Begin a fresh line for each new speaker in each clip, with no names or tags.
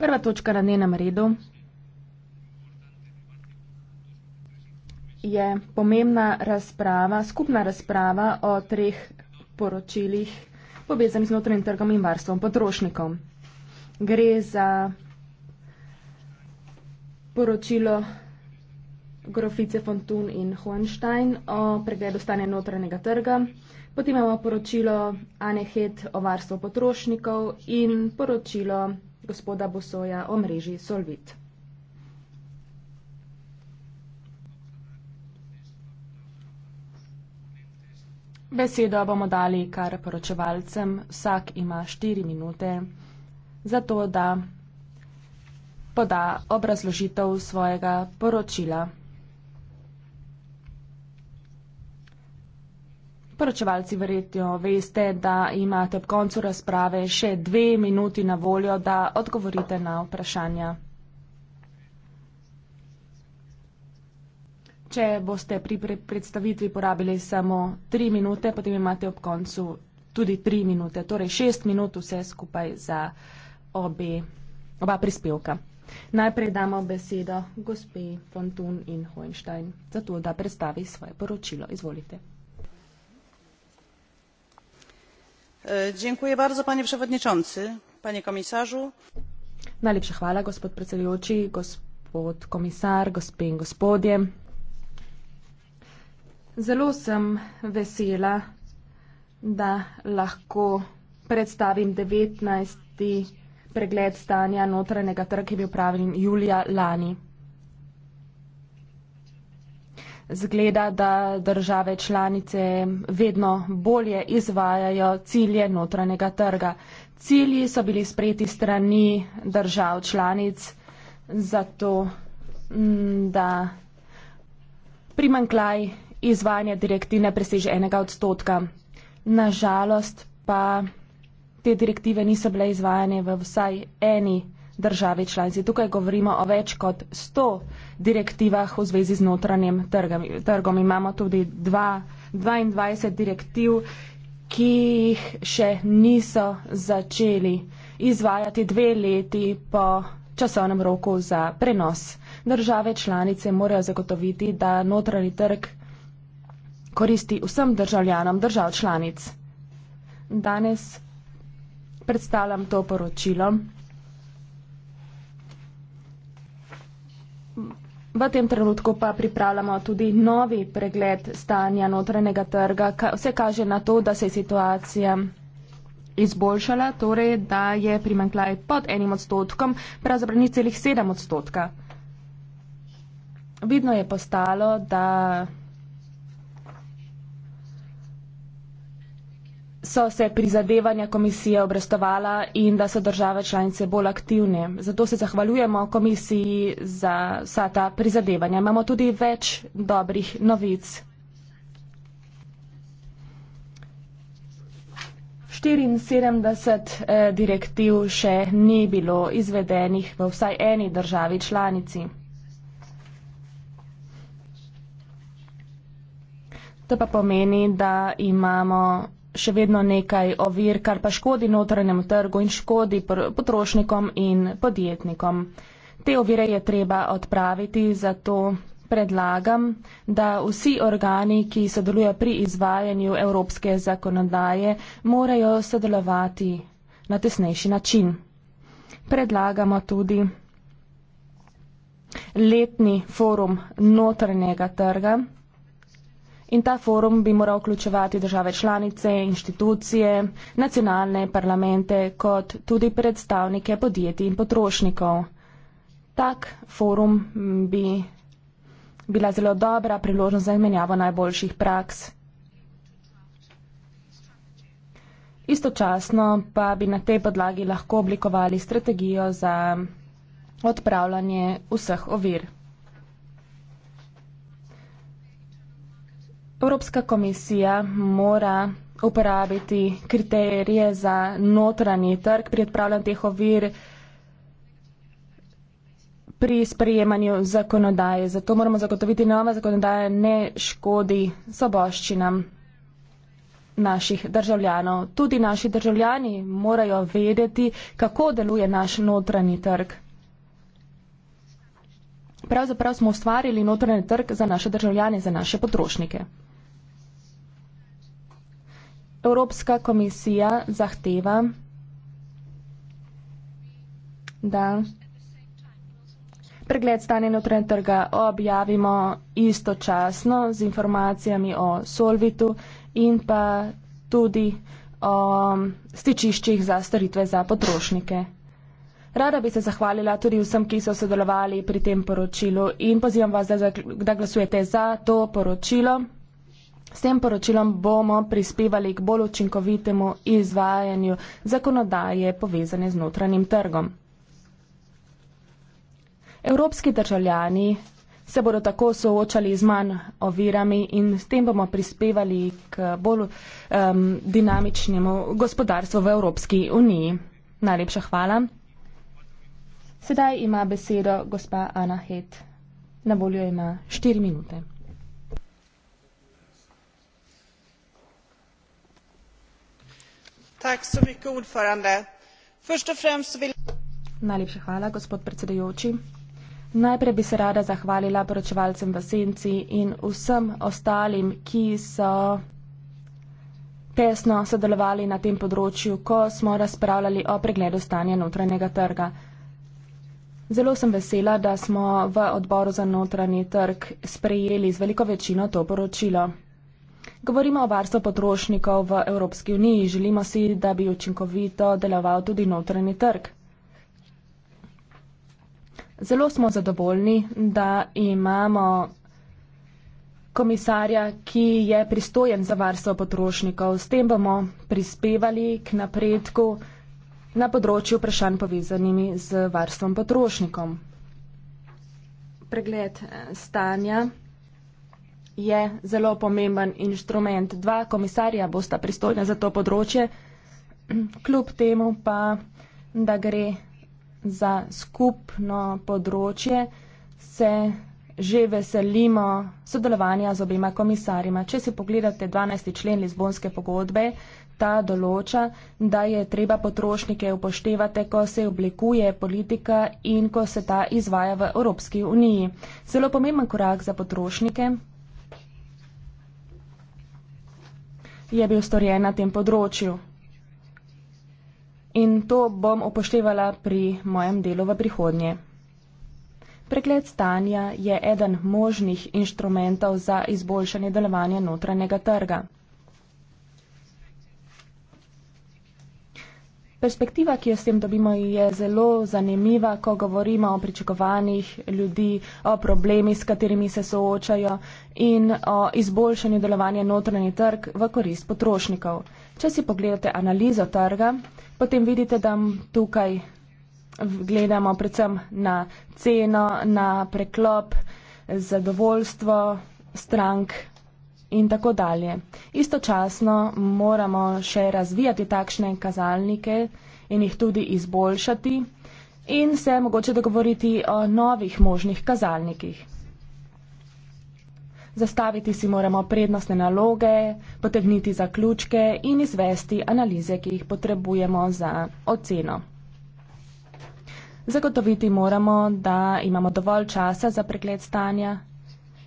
Prva točka na njenem redu je pomembna razprava, skupna razprava o treh poročilih povezanih z notranjim trgom in varstvom potrošnikov. Gre za poročilo Grofice Fontun in Hohenstein o pregledu stanja notranjega trga, potem imamo poročilo Anehet o varstvu potrošnikov in poročilo gospoda Bosoja o mreži Solvit. Besedo bomo dali kar poročevalcem, vsak ima štiri minute, zato da poda obrazložitev svojega poročila. Poročevalci verjetno veste, da imate ob koncu razprave še dve minuti na voljo, da odgovorite na vprašanja. Če boste pri predstavitvi porabili samo tri minute, potem imate ob koncu tudi tri minute, torej šest minut vse skupaj za obe, oba prispevka. Najprej damo besedo gospe Fontun in Hoenstein, zato da predstavi svoje poročilo. Izvolite. E, panie przewodniczący panie komisarzu najlepsza chwała gospod predsedujoči gospod komisar gospe in gospodje zelo sem vesela da lahko predstavim devetnajsti pregled stanja notranjega trga ki je bil opravljen julija lani zgleda, da države članice vedno bolje izvajajo cilje notranjega trga. Cilji so bili sprejeti strani držav članic zato, mm, da primanklaj izvajanja direktivne preseže enega odstotka. Nažalost pa te direktive niso bile izvajane v vsaj eni državi državi članici. Tukaj govorimo o več kot 100 direktivah v zvezi z notranjem trgami, trgom. Imamo tudi dva, 22 direktiv, ki jih še niso začeli izvajati dve leti po časovnem roku za prenos. Države članice morajo zagotoviti, da notranji trg koristi vsem državljanom držav članic. Danes predstavljam to poročilo. V tem trenutku pa pripravljamo tudi novi pregled stanja notranjega trga. Vse kaže na to, da se je situacija izboljšala, torej da je primanklaj pod enim odstotkom, pravzaprav ni celih sedem odstotka. Vidno je postalo, da so se prizadevanja komisije obrestovala in da so države članice bolj aktivne. Zato se zahvaljujemo komisiji za vsa ta prizadevanja. Imamo tudi več dobrih novic. 74 eh, direktiv še ni bilo izvedenih v vsaj eni državi članici. To pa pomeni, da imamo še vedno nekaj ovir, kar pa škodi notranjemu trgu in škodi potrošnikom in podjetnikom. Te ovire je treba odpraviti, zato predlagam, da vsi organi, ki sodelujejo pri izvajanju evropske zakonodaje, morajo sodelovati na tesnejši način. Predlagamo tudi letni forum notranjega trga in ta forum bi moral vključevati države članice, inštitucije, nacionalne parlamente, kot tudi predstavnike podjetij in potrošnikov. Tak forum bi bila zelo dobra priložnost za izmenjavo najboljših praks. Istočasno pa bi na tej podlagi lahko oblikovali strategijo za odpravljanje vseh ovir. Evropska komisija mora uporabiti kriterije za notranji trg pri odpravljanju teh ovir pri sprejemanju zakonodaje. Zato moramo zagotoviti nova zakonodaja, ne škodi soboščinam naših državljanov. Tudi naši državljani morajo vedeti, kako deluje naš notranji trg. Pravzaprav smo ustvarili notranji trg za naše državljane, za naše potrošnike. Evropska komisija zahteva, da pregled stanja notranjega trga objavimo istočasno z informacijami o Solvitu in pa tudi o um, stičiščih za storitve za potrošnike. Rada bi se zahvalila tudi vsem, ki so sodelovali pri tem poročilu in pozivam vas, da glasujete za to poročilo. S tem poročilom bomo prispevali k bolj učinkovitemu izvajanju zakonodaje povezane z notranjim trgom. Evropski državljani se bodo tako soočali z manj ovirami in s tem bomo prispevali k bolj um, dinamičnemu gospodarstvu v Evropski uniji. Najlepša hvala. Sedaj ima besedo gospa Ana Het. Na voljo ima štiri minute.
Najlepša
hvala, gospod predsedujoči. Najprej bi se rada zahvalila poročevalcem v senci in vsem ostalim, ki so tesno sodelovali na tem področju, ko smo razpravljali o pregledu stanja notranjega trga. Zelo sem vesela, da smo v odboru za notranji trg sprejeli z veliko večino to poročilo. Govorimo o varstvu potrošnikov v Evropski uniji. Želimo si, da bi učinkovito deloval tudi notranji trg. Zelo smo zadovoljni, da imamo komisarja, ki je pristojen za varstvo potrošnikov. S tem bomo prispevali k napredku na področju vprašanj povezanimi z varstvom potrošnikom. Pregled eh, stanja je zelo pomemben inštrument. Dva komisarja bosta pristojna za to področje, kljub temu pa, da gre za skupno področje, se že veselimo sodelovanja z obima komisarjima. Če si pogledate 12. člen Lizbonske pogodbe, ta določa, da je treba potrošnike upoštevati, ko se oblikuje politika in ko se ta izvaja v Evropski uniji. Zelo pomemben korak za potrošnike. je bil storjen na tem področju. In to bom upoštevala pri mojem delu v prihodnje. Pregled stanja je eden možnih inštrumentov za izboljšanje delovanja notranjega trga. Perspektiva, ki jo s tem dobimo, je zelo zanimiva, ko govorimo o pričakovanjih ljudi, o problemih, s katerimi se soočajo in o izboljšanju delovanja notranji trg v korist potrošnikov. Če si pogledate analizo trga, potem vidite, da tukaj gledamo predvsem na ceno, na preklop, zadovoljstvo strank in tako dalje. Istočasno moramo še razvijati takšne kazalnike in jih tudi izboljšati in se mogoče dogovoriti o novih možnih kazalnikih. Zastaviti si moramo prednostne naloge, potegniti zaključke in izvesti analize, ki jih potrebujemo za oceno. Zagotoviti moramo, da imamo dovolj časa za pregled stanja,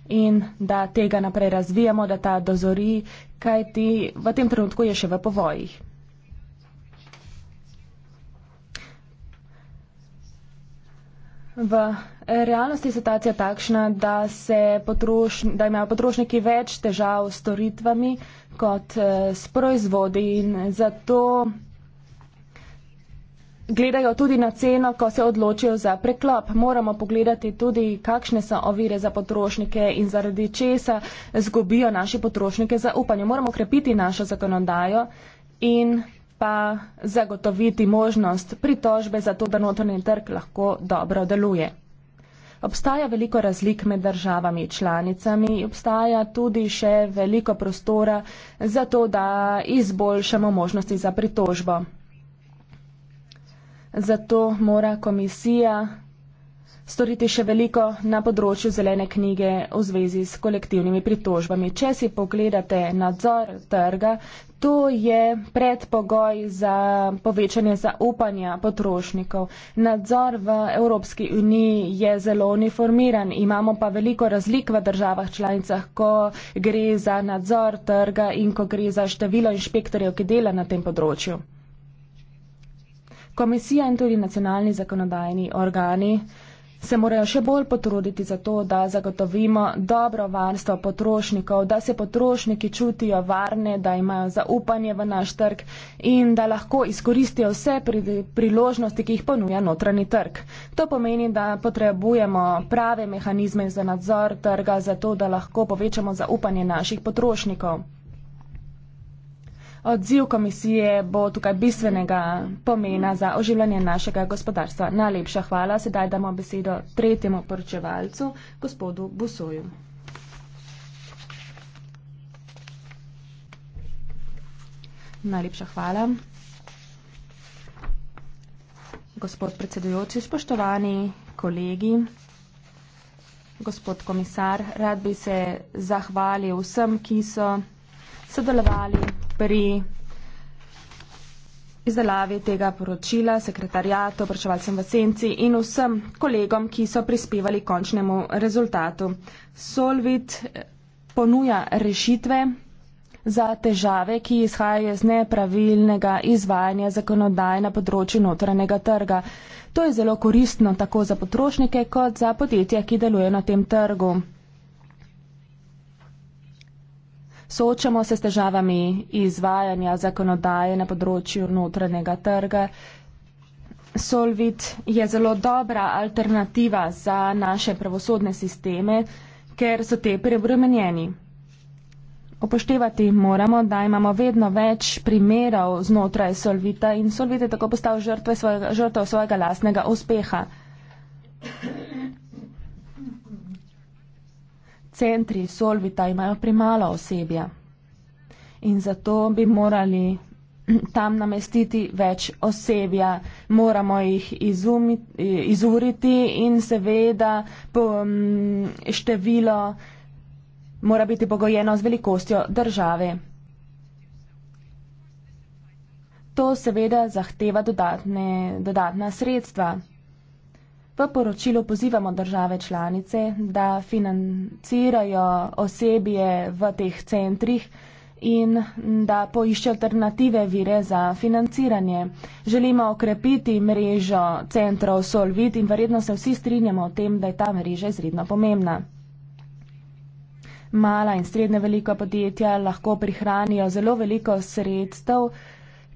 in da tega naprej razvijamo, da ta dozori, kaj ti v tem trenutku je še v povojih. V realnosti je situacija takšna, da, se potroš, da imajo potrošniki več težav s storitvami kot eh, s proizvodi in zato gledajo tudi na ceno, ko se odločijo za preklop. Moramo pogledati tudi, kakšne so ovire za potrošnike in zaradi česa zgubijo naše potrošnike zaupanje. Moramo krepiti našo zakonodajo in pa zagotoviti možnost pritožbe za to, da notranji trg lahko dobro deluje. Obstaja veliko razlik med državami članicami in obstaja tudi še veliko prostora za to, da izboljšamo možnosti za pritožbo. Zato mora komisija storiti še veliko na področju zelene knjige v zvezi s kolektivnimi pritožbami. Če si pogledate nadzor trga, to je predpogoj za povečanje zaupanja potrošnikov. Nadzor v Evropski uniji je zelo uniformiran. Imamo pa veliko razlik v državah članicah, ko gre za nadzor trga in ko gre za število inšpektorjev, ki dela na tem področju. Komisija in tudi nacionalni zakonodajni organi se morajo še bolj potruditi za to, da zagotovimo dobro varstvo potrošnikov, da se potrošniki čutijo varne, da imajo zaupanje v naš trg in da lahko izkoristijo vse pri, priložnosti, ki jih ponuja notranji trg. To pomeni, da potrebujemo prave mehanizme za nadzor trga, za to, da lahko povečamo zaupanje naših potrošnikov. Odziv komisije bo tukaj bistvenega pomena za oživljanje našega gospodarstva. Najlepša hvala. Sedaj damo besedo tretjemu poročevalcu, gospodu Busoju. Najlepša hvala. Gospod predsedujoči, spoštovani kolegi, gospod komisar, rad bi se zahvalil vsem, ki so sodelovali pri izdelavi tega poročila, sekretarjatu, obračevalcem v senci in vsem kolegom, ki so prispevali končnemu rezultatu. Solvit eh, ponuja rešitve za težave, ki izhajajo iz nepravilnega izvajanja zakonodaje na področju notranjega trga. To je zelo koristno tako za potrošnike kot za podjetja, ki delujejo na tem trgu. Soočamo se s težavami izvajanja zakonodaje na področju notranjega trga. Solvit je zelo dobra alternativa za naše pravosodne sisteme, ker so te preobremenjeni. Upoštevati moramo, da imamo vedno več primerov znotraj Solvita in Solvit je tako postal žrtve svojega, žrtve svojega lasnega uspeha centri Solvita imajo premalo osebja in zato bi morali tam namestiti več osebja. Moramo jih izumiti, izuriti in seveda po, m, mm, število mora biti pogojeno z velikostjo države. To seveda zahteva dodatne, dodatna sredstva. V poročilu pozivamo države članice, da financirajo osebje v teh centrih in da poišče alternative vire za financiranje. Želimo okrepiti mrežo centrov Solvit in verjetno se vsi strinjamo o tem, da je ta mreža izredno pomembna. Mala in srednje veliko podjetja lahko prihranijo zelo veliko sredstev,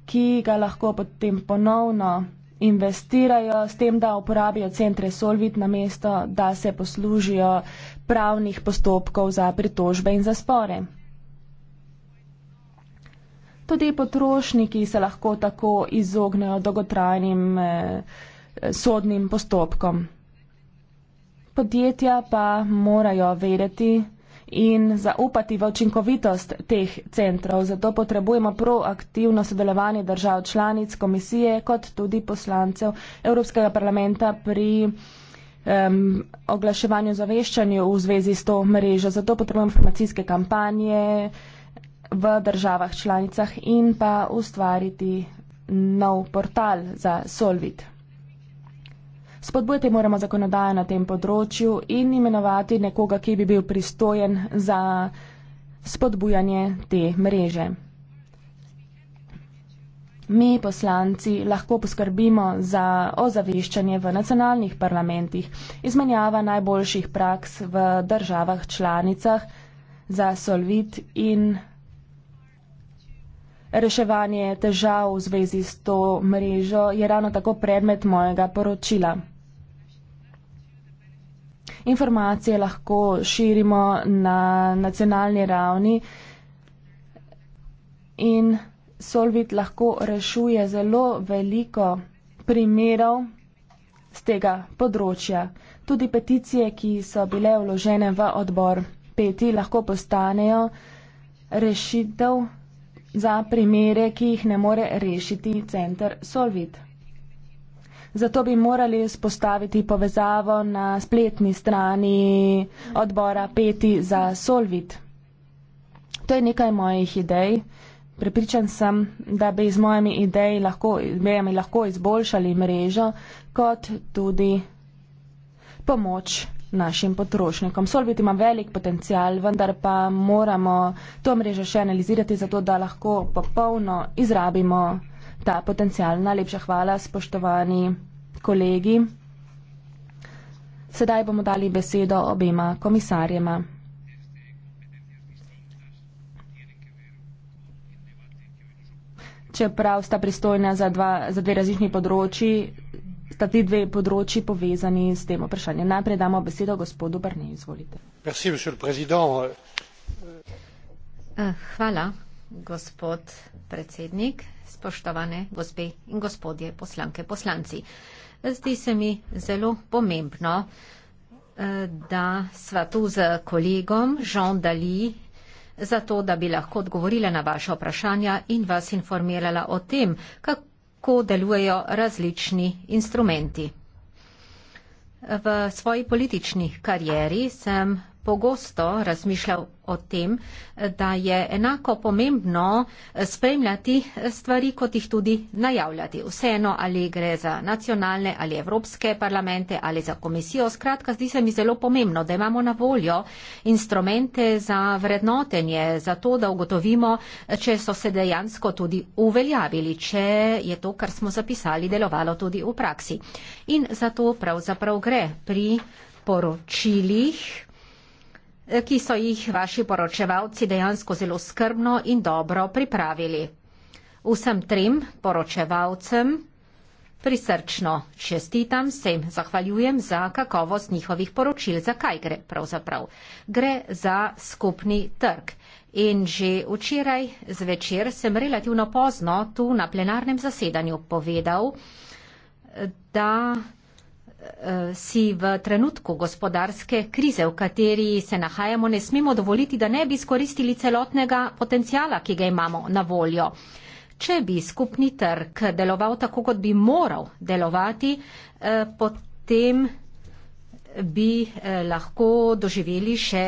ki ga lahko potem ponovno investirajo s tem, da uporabijo centre Solvit na mesto, da se poslužijo pravnih postopkov za pritožbe in za spore. Tudi potrošniki se lahko tako izognejo dolgotrajnim eh, sodnim postopkom. Podjetja pa morajo vedeti, in zaupati v učinkovitost teh centrov. Zato potrebujemo proaktivno sodelovanje držav članic komisije kot tudi poslancev Evropskega parlamenta pri um, oglaševanju zaveščanju v zvezi s to mrežo. Zato potrebujemo informacijske kampanje v državah članicah in pa ustvariti nov portal za Solvit. Spodbujati moramo zakonodajo na tem področju in imenovati nekoga, ki bi bil pristojen za spodbujanje te mreže. Mi, poslanci, lahko poskrbimo za ozaveščanje v nacionalnih parlamentih, izmenjava najboljših praks v državah članicah za solvit in reševanje težav v zvezi s to mrežo je ravno tako predmet mojega poročila informacije lahko širimo na nacionalni ravni in Solvit lahko rešuje zelo veliko primerov z tega področja. Tudi peticije, ki so bile vložene v odbor peti, lahko postanejo rešitev za primere, ki jih ne more rešiti center Solvit. Zato bi morali spostaviti povezavo na spletni strani odbora Peti za Solvit. To je nekaj mojih idej. Prepričan sem, da bi z mojimi lahko, idejami lahko izboljšali mrežo, kot tudi pomoč našim potrošnikom. Solvit ima velik potencial, vendar pa moramo to mrežo še analizirati, zato da lahko popolno izrabimo ta potencijal. Najlepša hvala, spoštovani kolegi. Sedaj bomo dali besedo obema komisarjema. Čeprav sta pristojna za, dva, za dve različni področji, sta ti dve področji povezani s tem vprašanjem. Najprej damo besedo gospodu Brni. Izvolite.
Ah, hvala, gospod predsednik spoštovane gospe in gospodje poslanke poslanci. Zdi se mi zelo pomembno, eh, da sva tu z kolegom Jean Dali, zato da bi lahko odgovorila na vaše vprašanja in vas informirala o tem, kako delujejo različni instrumenti. V svoji politični karieri sem pogosto razmišljal o tem, da je enako pomembno spremljati stvari, kot jih tudi najavljati. Vseeno, ali gre za nacionalne ali evropske parlamente ali za komisijo. Skratka, zdi se mi zelo pomembno, da imamo na voljo instrumente za vrednotenje, za to, da ugotovimo, če so se dejansko tudi uveljavili, če je to, kar smo zapisali, delovalo tudi v praksi. In zato pravzaprav gre pri poročilih ki so jih vaši poročevalci dejansko zelo skrbno in dobro pripravili. Vsem trem poročevalcem prisrčno čestitam, se jim zahvaljujem za kakovost njihovih poročil. Zakaj gre pravzaprav? Gre za skupni trg. In že včeraj zvečer sem relativno pozno tu na plenarnem zasedanju povedal, da Eh, si v trenutku gospodarske krize, v kateri se nahajamo, ne smemo dovoliti, da ne bi izkoristili celotnega potencijala, ki ga imamo na voljo. Če bi skupni trg deloval tako, kot bi moral delovati, eh, potem bi eh, lahko doživeli še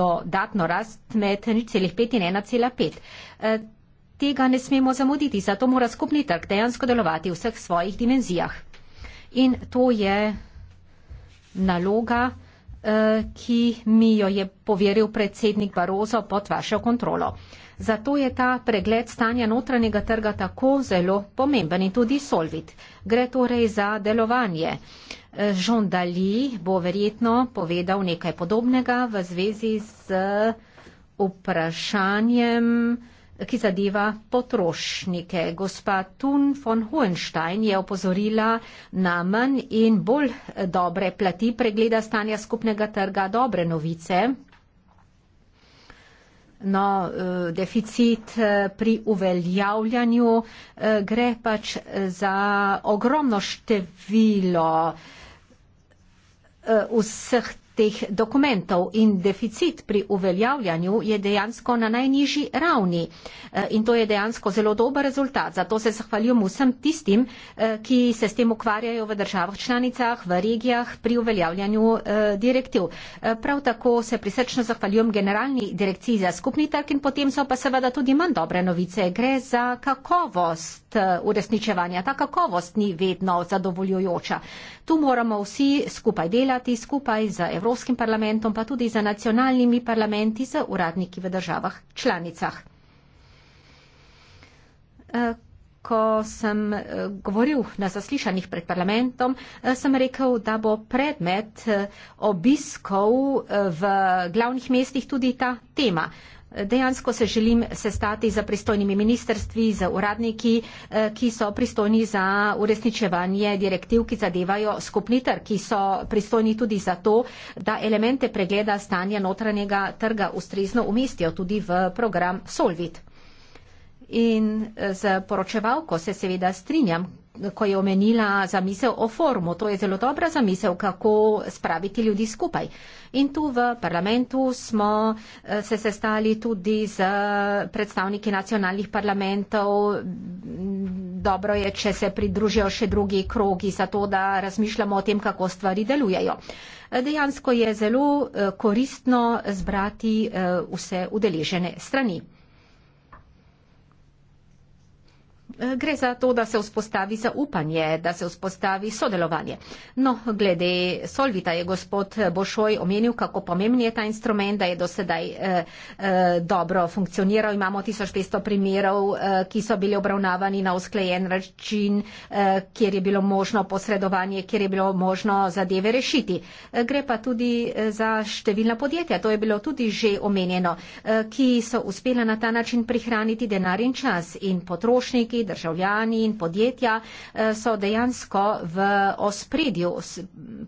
dodatno rast med 0,5 in 1,5. Tega ne smemo zamuditi, zato mora skupni trg dejansko delovati v vseh svojih dimenzijah. In to je naloga, eh, ki mi jo je poveril predsednik Barozo pod vašo kontrolo. Zato je ta pregled stanja notranjega trga tako zelo pomemben in tudi solvit. Gre torej za delovanje. Eh, Jean Dali bo verjetno povedal nekaj podobnega v zvezi z vprašanjem, ki zadeva potrošnike. Gospa Thun von Hohenstein je opozorila na manj in bolj dobre plati pregleda stanja skupnega trga dobre novice. No, eh, deficit eh, pri uveljavljanju eh, gre pač za ogromno število vseh teh dokumentov in deficit pri uveljavljanju je dejansko na najnižji ravni. Eh, in to je dejansko zelo dober rezultat. Zato se zahvaljujem vsem tistim, eh, ki se s tem ukvarjajo v državah članicah, v regijah pri uveljavljanju eh, direktiv. Prav tako se prisrčno zahvaljujem generalni direkciji za skupni trg in potem so pa seveda tudi manj dobre novice. Gre za kakovost Eh, uresničevanja. Ta kakovost ni vedno zadovoljujoča. Tu moramo vsi skupaj delati, skupaj z Evropskim parlamentom, pa tudi z nacionalnimi parlamenti, z uradniki v državah članicah. Eh, ko sem eh, govoril na zaslišanjih pred parlamentom, sem rekel, da bo predmet obiskov v glavnih mestih tudi ta tema dejansko se želim sestati za pristojnimi ministrstvi, za uradniki, eh, ki so pristojni za uresničevanje direktiv, ki zadevajo skupni trg, ki so pristojni tudi za to, da elemente pregleda stanja notranjega trga ustrezno umestijo tudi v program Solvit. In z eh, poročevalko se seveda strinjam, ko je omenila zamisel o formu. To je zelo dobra zamisel, kako spraviti ljudi skupaj. In tu v parlamentu smo eh, se sestali tudi z eh, predstavniki nacionalnih parlamentov. Dobro je, če se pridružijo še drugi krogi, zato da razmišljamo o tem, kako stvari delujejo. Eh, dejansko je zelo koristno zbrati vse udeležene strani. Eh, gre za to, da se vzpostavi zaupanje, da se vzpostavi sodelovanje. No, glede Solvita je gospod Bošoj omenil, kako pomembni je ta instrument, da je do sedaj eh, eh, dobro funkcioniral. Imamo 1500 primerov, eh, ki so bili obravnavani na usklejen račin, eh, kjer je bilo možno posredovanje, kjer je bilo možno zadeve rešiti. Eh, gre pa tudi eh, za številna podjetja, to je bilo tudi že omenjeno, eh, ki so uspela na ta način prihraniti denar in čas in potrošniki državljani in podjetja eh, so dejansko v ospredju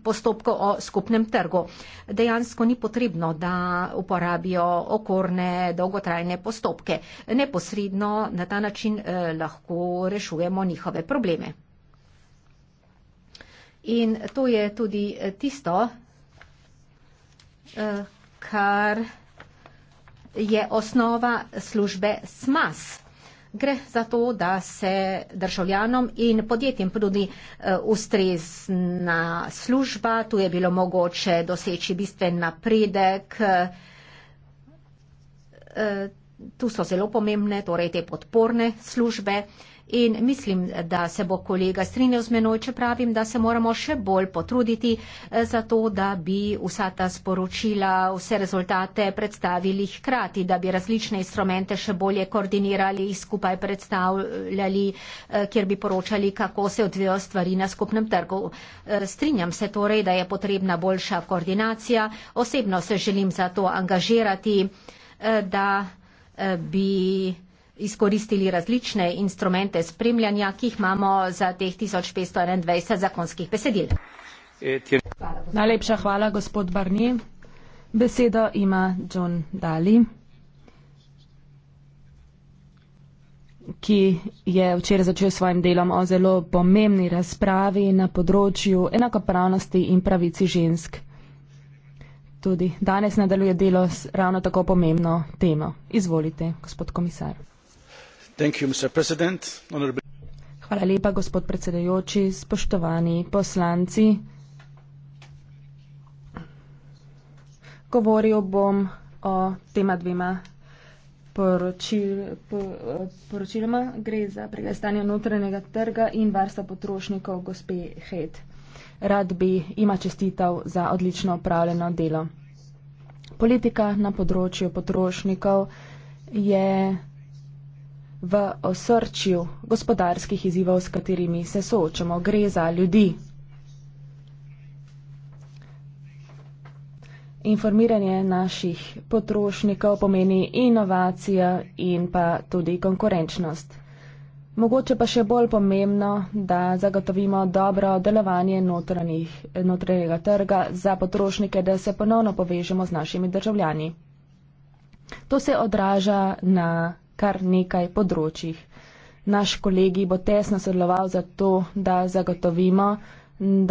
postopkov o skupnem trgu. Dejansko ni potrebno, da uporabijo okorne, dolgotrajne postopke. Neposredno na ta način eh, lahko rešujemo njihove probleme. In to je tudi eh, tisto, kar je osnova službe SMAS gre za to, da se državljanom in podjetjem ponudi eh, ustrezna služba, tu je bilo mogoče doseči bistven napredek. Eh, tu so zelo pomembne, torej te podporne službe in mislim, da se bo kolega strinjal z menoj, če pravim, da se moramo še bolj potruditi eh, za to, da bi vsa ta sporočila, vse rezultate predstavili hkrati, da bi različne instrumente še bolje koordinirali, jih skupaj predstavljali, eh, kjer bi poročali, kako se odvijajo stvari na skupnem trgu. Eh, strinjam se torej, da je potrebna boljša koordinacija. Osebno se želim za to angažirati, da bi izkoristili različne instrumente spremljanja, ki jih imamo za teh 1521 zakonskih besedil. Hvala, Najlepša hvala, gospod Barnier. Besedo ima
John Daly, ki je včeraj začel svojim delom o zelo pomembni razpravi na področju enakopravnosti in pravici žensk. Tudi danes nadaljuje delo s ravno tako pomembno temo. Izvolite, gospod komisar. Hvala lepa, gospod predsedajoči, spoštovani poslanci. Govoril bom o tema dvema poročil, poročiloma. Gre za preglastanje notranjega trga in varstva potrošnikov gospe Het. Rad bi ima čestitev za odlično upravljeno delo. Politika na področju potrošnikov je v osrčju gospodarskih izzivov, s katerimi se soočamo. Gre za ljudi. Informiranje naših potrošnikov pomeni inovacijo in pa tudi konkurenčnost. Mogoče pa še bolj pomembno, da zagotovimo dobro delovanje notranjega trga za potrošnike, da se ponovno povežemo z našimi državljani. To se odraža na kar nekaj področjih. Naš kolegi bo tesno sodeloval za to, da zagotovimo,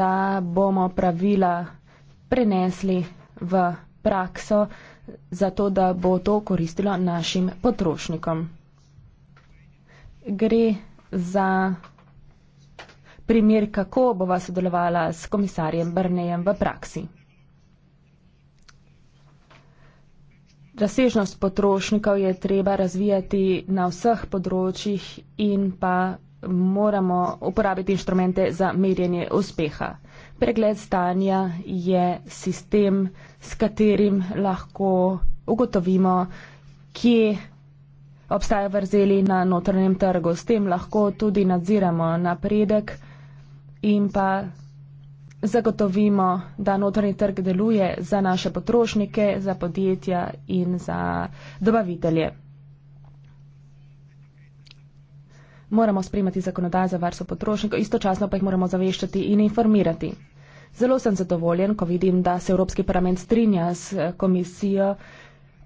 da bomo pravila prenesli v prakso, zato da bo to koristilo našim potrošnikom. Gre za primer, kako bova sodelovala s komisarjem Brnejem v praksi. razsežnost potrošnikov je treba razvijati na vseh področjih in pa moramo uporabiti inštrumente za merjenje uspeha. Pregled stanja je sistem, s katerim lahko ugotovimo, kje obstajajo vrzeli na notranjem trgu. S tem lahko tudi nadziramo napredek in pa zagotovimo, da notranji trg deluje za naše potrošnike, za podjetja in za dobavitelje. Moramo spremati zakonodajo za varstvo potrošnikov, istočasno pa jih moramo zaveščati in informirati. Zelo sem zadovoljen, ko vidim, da se Evropski parlament strinja s komisijo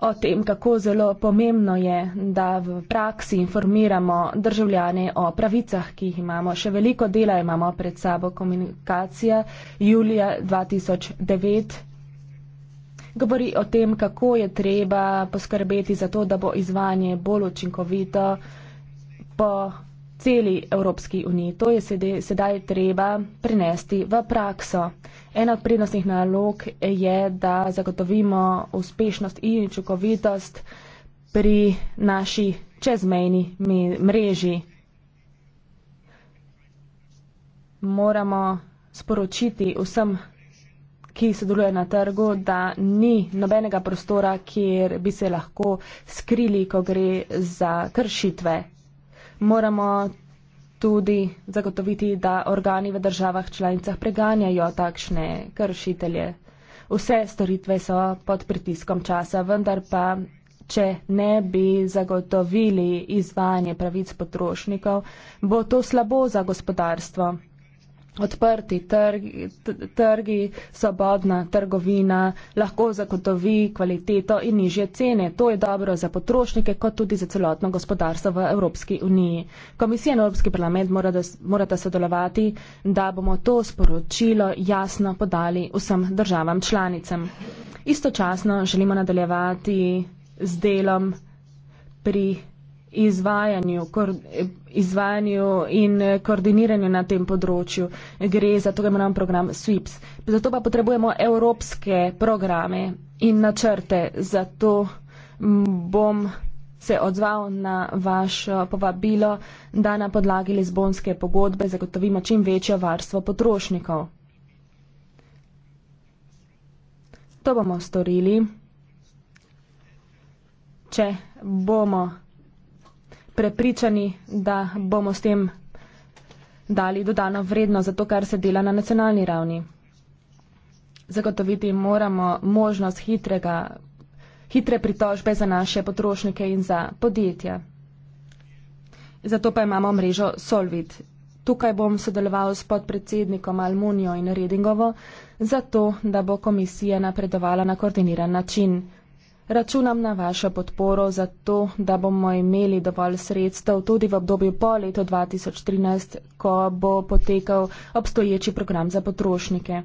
o tem, kako zelo pomembno je, da v praksi informiramo državljane o pravicah, ki jih imamo. Še veliko dela imamo pred sabo. Komunikacija julija 2009 govori o tem, kako je treba poskrbeti za to, da bo izvanje bolj učinkovito po celi Evropski uniji. To je sedaj treba prenesti v prakso. Ena od prednostnih nalog je, da zagotovimo uspešnost in učinkovitost pri naši čezmejni mreži. Moramo sporočiti vsem, ki se deluje na trgu, da ni nobenega prostora, kjer bi se lahko skrili, ko gre za kršitve. Moramo tudi zagotoviti, da organi v državah članicah preganjajo takšne kršitelje. Vse storitve so pod pritiskom časa, vendar pa, če ne bi zagotovili izvajanje pravic potrošnikov, bo to slabo za gospodarstvo odprti trgi, trgi, svobodna trgovina lahko zagotovi kvaliteto in nižje cene. To je dobro za potrošnike, kot tudi za celotno gospodarstvo v Evropski uniji. Komisija in Evropski parlament morata mora sodelovati, da bomo to sporočilo jasno podali vsem državam članicam. Istočasno želimo nadaljevati z delom pri izvajanju, kor, izvajanju in eh, koordiniranju na tem področju. Gre za to, da imamo program SWIPS. Zato pa potrebujemo evropske programe in načrte. Zato bom se odzval na vaše povabilo, da na podlagi Lizbonske pogodbe zagotovimo čim večjo varstvo potrošnikov. To bomo storili, če bomo prepričani, da bomo s tem dali dodano vredno za to, kar se dela na nacionalni ravni. Zagotoviti moramo možnost hitrega, hitre pritožbe za naše potrošnike in za podjetja. Zato pa imamo mrežo Solvit. Tukaj bom sodeloval s podpredsednikom Almunijo in Redingovo, zato da bo komisija napredovala na koordiniran način. Računam na vašo podporo za to, da bomo imeli dovolj sredstev tudi v obdobju po letu 2013, ko bo potekal obstoječi program za potrošnike.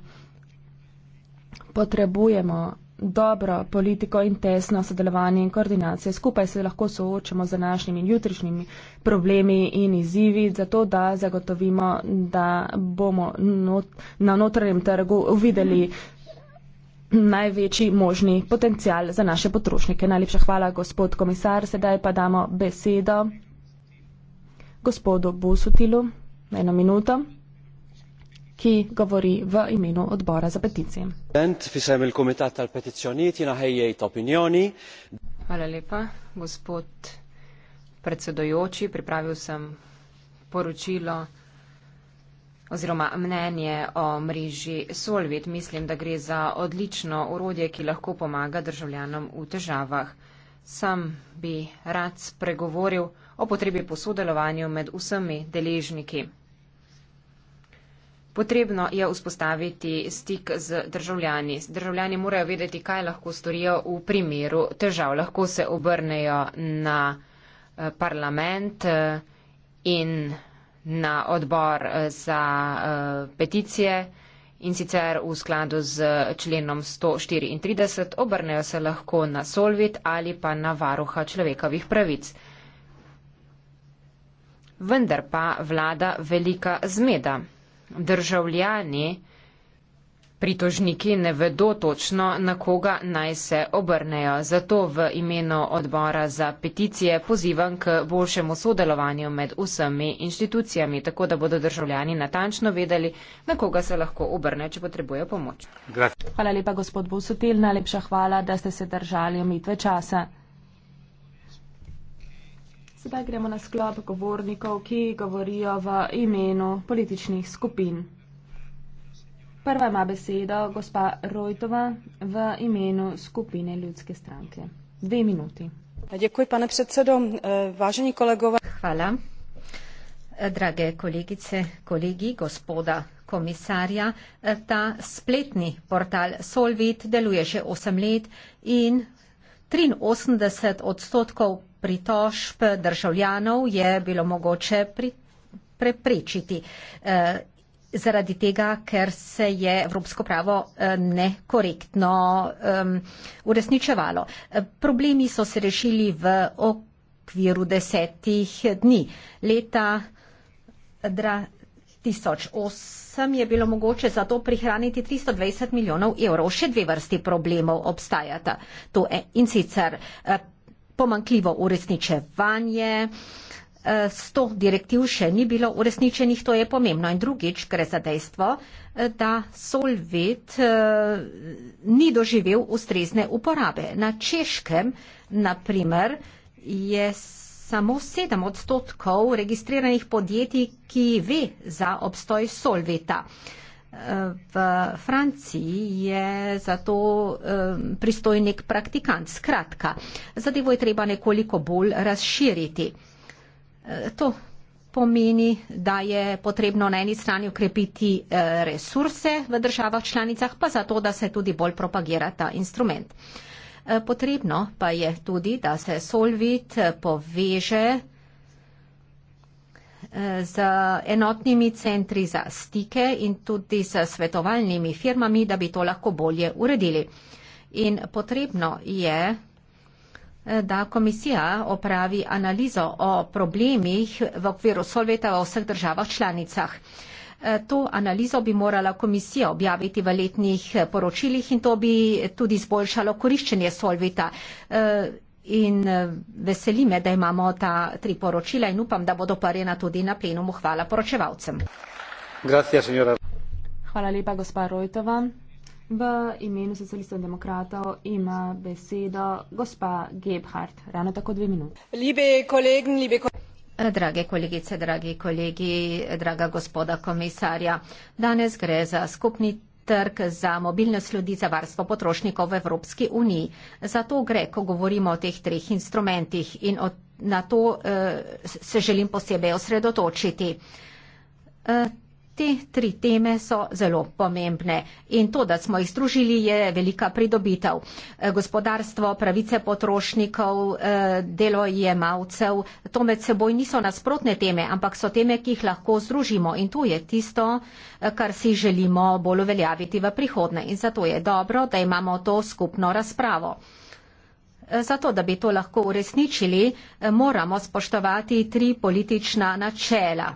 Potrebujemo dobro politiko in tesno sodelovanje in koordinacije. Skupaj se lahko soočamo z današnjimi in jutrišnjimi problemi in izzivi, zato da zagotovimo, da bomo not na notranjem trgu videli. Mm -hmm največji možni potencial za naše potrošnike. Najlepša hvala, gospod komisar. Sedaj pa damo besedo gospodu Busutilu, eno minuto, ki govori v
imenu odbora za peticije. Hvala lepa, gospod predsedojoči. Pripravil sem poročilo oziroma mnenje o mreži Solvit. Mislim, da gre za odlično urodje, ki lahko pomaga državljanom v težavah. Sam bi rad spregovoril o potrebi po sodelovanju med vsemi deležniki. Potrebno je vzpostaviti stik z državljani. Državljani morajo vedeti, kaj lahko storijo v primeru težav. Lahko se obrnejo na eh, parlament eh, in na odbor eh, za eh, peticije in sicer v skladu z eh, členom 134 obrnejo se lahko na Solvit ali pa na varuha človekovih pravic. Vendar pa vlada velika zmeda. Državljani Pritožniki ne vedo točno, na koga naj se obrnejo, zato v imenu odbora za peticije pozivam k boljšemu sodelovanju med vsemi inštitucijami, tako da bodo državljani natančno vedeli, na koga se lahko obrnejo, če potrebujo pomoč. Hvala lepa, gospod Bosutil, najlepša hvala, da ste se držali omitve
časa. Sedaj gremo na sklop govornikov, ki govorijo v imenu političnih skupin. Prva ima besedo gospa Rojtova v imenu skupine ljudske stranke.
Dve minuti. Děkuji, pane předsedo. Vážení kolegové. Hvala. Drage kolegice, kolegi, gospoda komisarja, ta spletni portal Solvit deluje že 8 let in 83 odstotkov pritožb državljanov je bilo mogoče pri, preprečiti zaradi tega, ker se je evropsko pravo eh, nekorektno uresničevalo. Eh, problemi so se rešili v okviru desetih dni. Leta 2008 je bilo mogoče za to prihraniti 320 milijonov evrov. Še dve vrsti problemov obstajata. To je in sicer eh, pomankljivo uresničevanje, s to direktiv še ni bilo uresničenih, to je pomembno. In drugič gre za dejstvo, da solvet eh, ni doživel ustrezne uporabe. Na Češkem, na primer, je samo sedem odstotkov registriranih podjetij, ki ve za obstoj solveta. Eh, v Franciji je zato eh, pristojnik praktikant. Skratka, zadevo je treba nekoliko bolj razširiti. Eh, to pomeni, da je potrebno na eni strani ukrepiti eh, resurse v državah članicah, pa zato, da se tudi bolj propagira ta instrument. Eh, potrebno pa je tudi, da se Solvit poveže z enotnimi centri za stike in tudi s svetovalnimi firmami, da bi to lahko bolje uredili. In potrebno je da komisija opravi analizo o problemih v okviru solveta v vseh državah članicah. E, to analizo bi morala komisija objaviti v letnih poročilih in to bi tudi zboljšalo koriščenje solveta. E, in e, veseli me, da imamo ta tri poročila in upam, da bodo parjena tudi na plenumu. Hvala poročevalcem. Gracias, Hvala lepa, gospa
Rojtova. V imenu socialistov in demokratov ima besedo
gospa Gebhardt. Ravno tako dve minuti. Libe kolegin, libe kolegin. Drage kolegice, dragi kolegi, draga gospoda komisarja, danes gre za skupni trg za mobilnost ljudi za varstvo potrošnikov v Evropski uniji. Zato gre, ko govorimo o teh treh instrumentih in na to eh, se želim posebej osredotočiti. Eh, Te tri teme so zelo pomembne in to, da smo jih združili, je velika pridobitev. Eh, gospodarstvo, pravice potrošnikov, eh, delo jemalcev, to med seboj niso nasprotne teme, ampak so teme, ki jih lahko združimo in to je tisto, eh, kar si želimo bolj uveljaviti v prihodne in zato je dobro, da imamo to skupno razpravo. Zato, da bi to lahko uresničili, moramo spoštovati tri politična načela.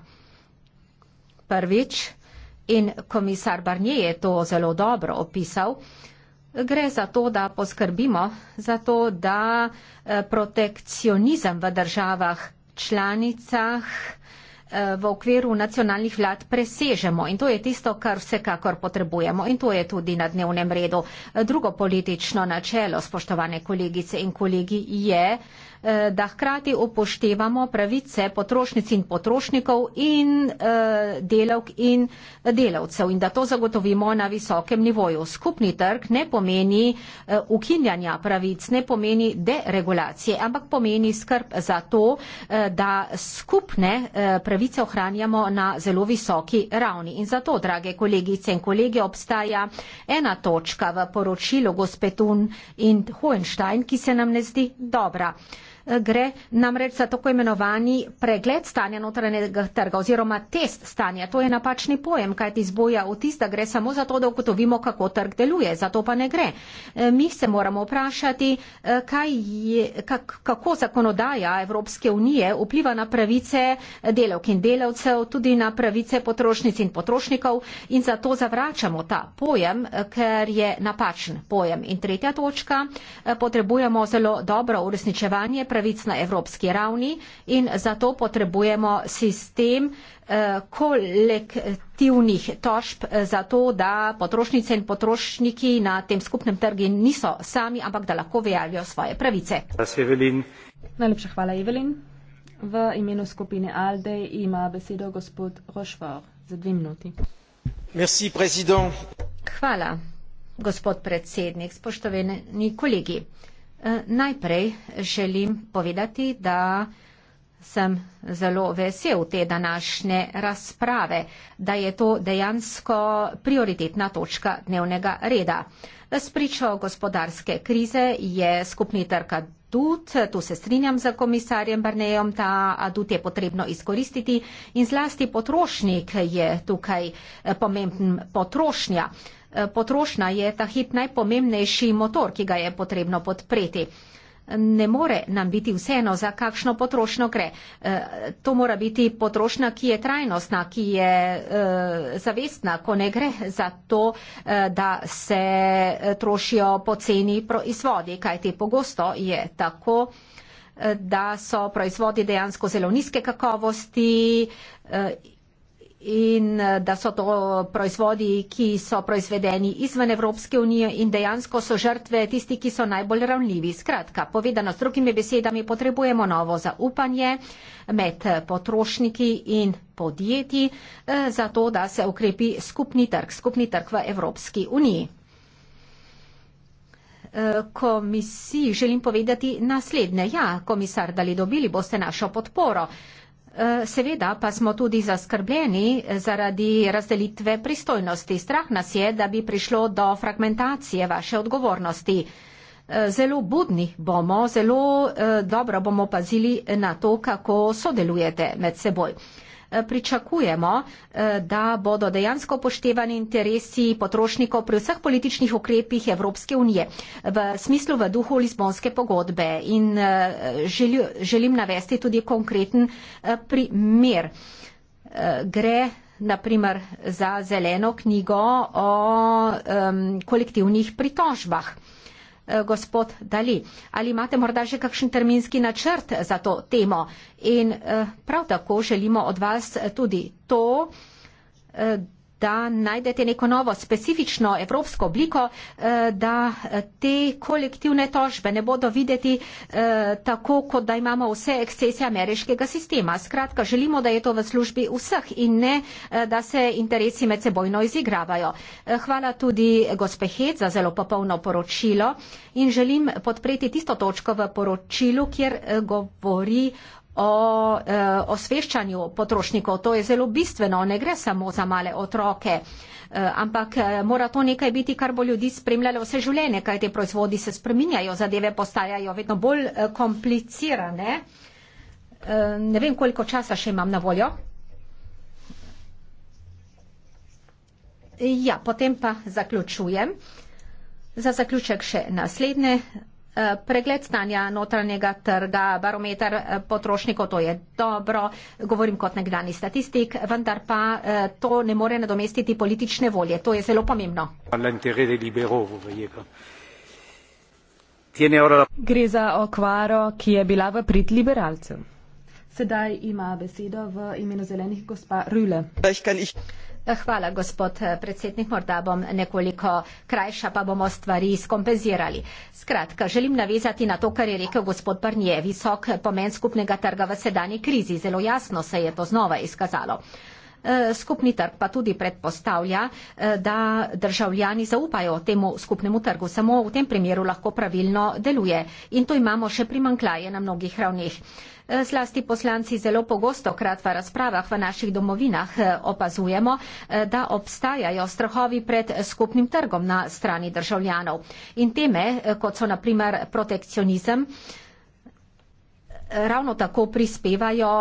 Prvič, in komisar Barnier je to zelo dobro opisal, gre za to, da poskrbimo za to, da eh, protekcionizem v državah članicah eh, v okviru nacionalnih vlad presežemo in to je tisto, kar vsekakor potrebujemo in to je tudi na dnevnem redu. Drugo politično načelo, spoštovane kolegice in kolegi, je, Eh, da hkrati upoštevamo pravice potrošnic in potrošnikov in eh, delavk in delavcev in da to zagotovimo na visokem nivoju. Skupni trg ne pomeni eh, ukinjanja pravic, ne pomeni deregulacije, ampak pomeni skrb za to, da skupne pravice ohranjamo na zelo visoki ravni. In zato, drage kolegice in kolege, obstaja ena točka v poročilu gospetun in Hohenstein, ki se nam ne zdi dobra gre namreč za tako imenovani pregled stanja notranjega trga oziroma test stanja. To je napačni pojem, kaj ti zboja v tista gre samo zato, da ugotovimo, kako trg deluje. Za to pa ne gre. E, mi se moramo vprašati, e, je, kako zakonodaja Evropske unije vpliva na pravice delavk in delavcev, tudi na pravice potrošnic in potrošnikov in zato zavračamo ta pojem, e, ker je napačen pojem. In tretja točka, potrebujemo zelo dobro uresničevanje pravice pravic na evropski ravni in zato potrebujemo sistem eh, kolektivnih tožb eh, za to, da potrošnice in potrošniki na tem skupnem trgu niso sami, ampak da lahko vejavijo svoje pravice. Najlepša hvala, Evelin. V imenu skupine ALDE ima besedo gospod Rošvar za dve minuti. Merci, hvala, gospod predsednik, spoštovani kolegi. Eh, najprej želim povedati, da sem zelo vesel te današnje razprave, da je to dejansko prioritetna točka dnevnega reda. Spričo gospodarske krize je skupni trg adut, tu se strinjam z komisarjem Barnejem, ta adut je potrebno izkoristiti in zlasti potrošnik je tukaj eh, pomemben potrošnja. Eh, potrošnja je ta hip najpomembnejši motor, ki ga je potrebno podpreti. Ne more nam biti vseeno, za kakšno potrošnjo gre. E, to mora biti potrošnja, ki je trajnostna, ki je e, zavestna, ko ne gre za to, e, da se trošijo poceni proizvodi, kajti pogosto je tako, e, da so proizvodi dejansko zelo nizke kakovosti. E, in eh, da so to proizvodi, ki so proizvedeni izven Evropske unije in dejansko so žrtve tisti, ki so najbolj ravnljivi. Skratka, povedano s drugimi besedami, potrebujemo novo zaupanje med potrošniki in podjetji, eh, zato da se ukrepi skupni trg, skupni trg v Evropski uniji. Eh, komisiji želim povedati naslednje. Ja, komisar, da li dobili boste našo podporo. Eh, seveda pa smo tudi zaskrbljeni zaradi razdelitve pristojnosti. Strah nas je, da bi prišlo do fragmentacije vaše odgovornosti. Eh, zelo budni bomo, zelo eh, dobro bomo pazili na to, kako sodelujete med seboj pričakujemo, eh, da bodo dejansko upoštevani interesi potrošnikov pri vseh političnih ukrepih Evropske unije v smislu v duhu Lizbonske pogodbe. In eh, želim navesti tudi konkreten eh, primer. Gre naprimer za zeleno knjigo o um, kolektivnih pritožbah. Eh, gospod Dali. Ali imate morda že kakšen terminski načrt za to temo? In eh, prav tako želimo od vas tudi to, eh, da najdete neko novo specifično evropsko obliko, eh, da eh, te kolektivne tožbe ne bodo videti eh, tako, kot da imamo vse ekscesije ameriškega sistema. Skratka, želimo, da je to v službi vseh in ne, da se interesi med sebojno izigravajo. Hvala tudi gospehec za zelo popolno poročilo in želim podpreti tisto točko v poročilu, kjer govori o eh, osveščanju potrošnikov. To je zelo bistveno, ne gre samo za male otroke, eh, ampak eh, mora to nekaj biti, kar bo ljudi spremljalo vse življenje, kaj te proizvodi se spreminjajo, zadeve postajajo vedno bolj eh, komplicirane. Eh, ne vem, koliko časa še imam na voljo. Ja, potem pa zaključujem. Za zaključek še naslednje pregled stanja notranjega trga, barometer eh, potrošnikov, to je dobro, govorim kot nekdani statistik, vendar pa eh, to ne more nadomestiti politične volje. To je zelo pomembno. Gre
za
okvaro, ki je bila v prid liberalcem.
Sedaj ima besedo v imenu zelenih gospa Rüle. Hvala, gospod eh, predsednik. Morda bom nekoliko krajša, pa bomo stvari skompenzirali. Skratka, želim navezati na to, kar je rekel gospod Barnier. Visok pomen skupnega trga v sedanji krizi. Zelo jasno se je to znova izkazalo. Eh, skupni trg pa tudi predpostavlja, eh, da državljani zaupajo temu skupnemu trgu. Samo v tem primeru lahko pravilno deluje. In to imamo še primankljaje na mnogih ravnih. Eh, zlasti poslanci zelo pogosto krat v razpravah v naših domovinah opazujemo, da obstajajo strahovi pred skupnim trgom na strani državljanov. In teme, kot so naprimer protekcionizem, ravno tako prispevajo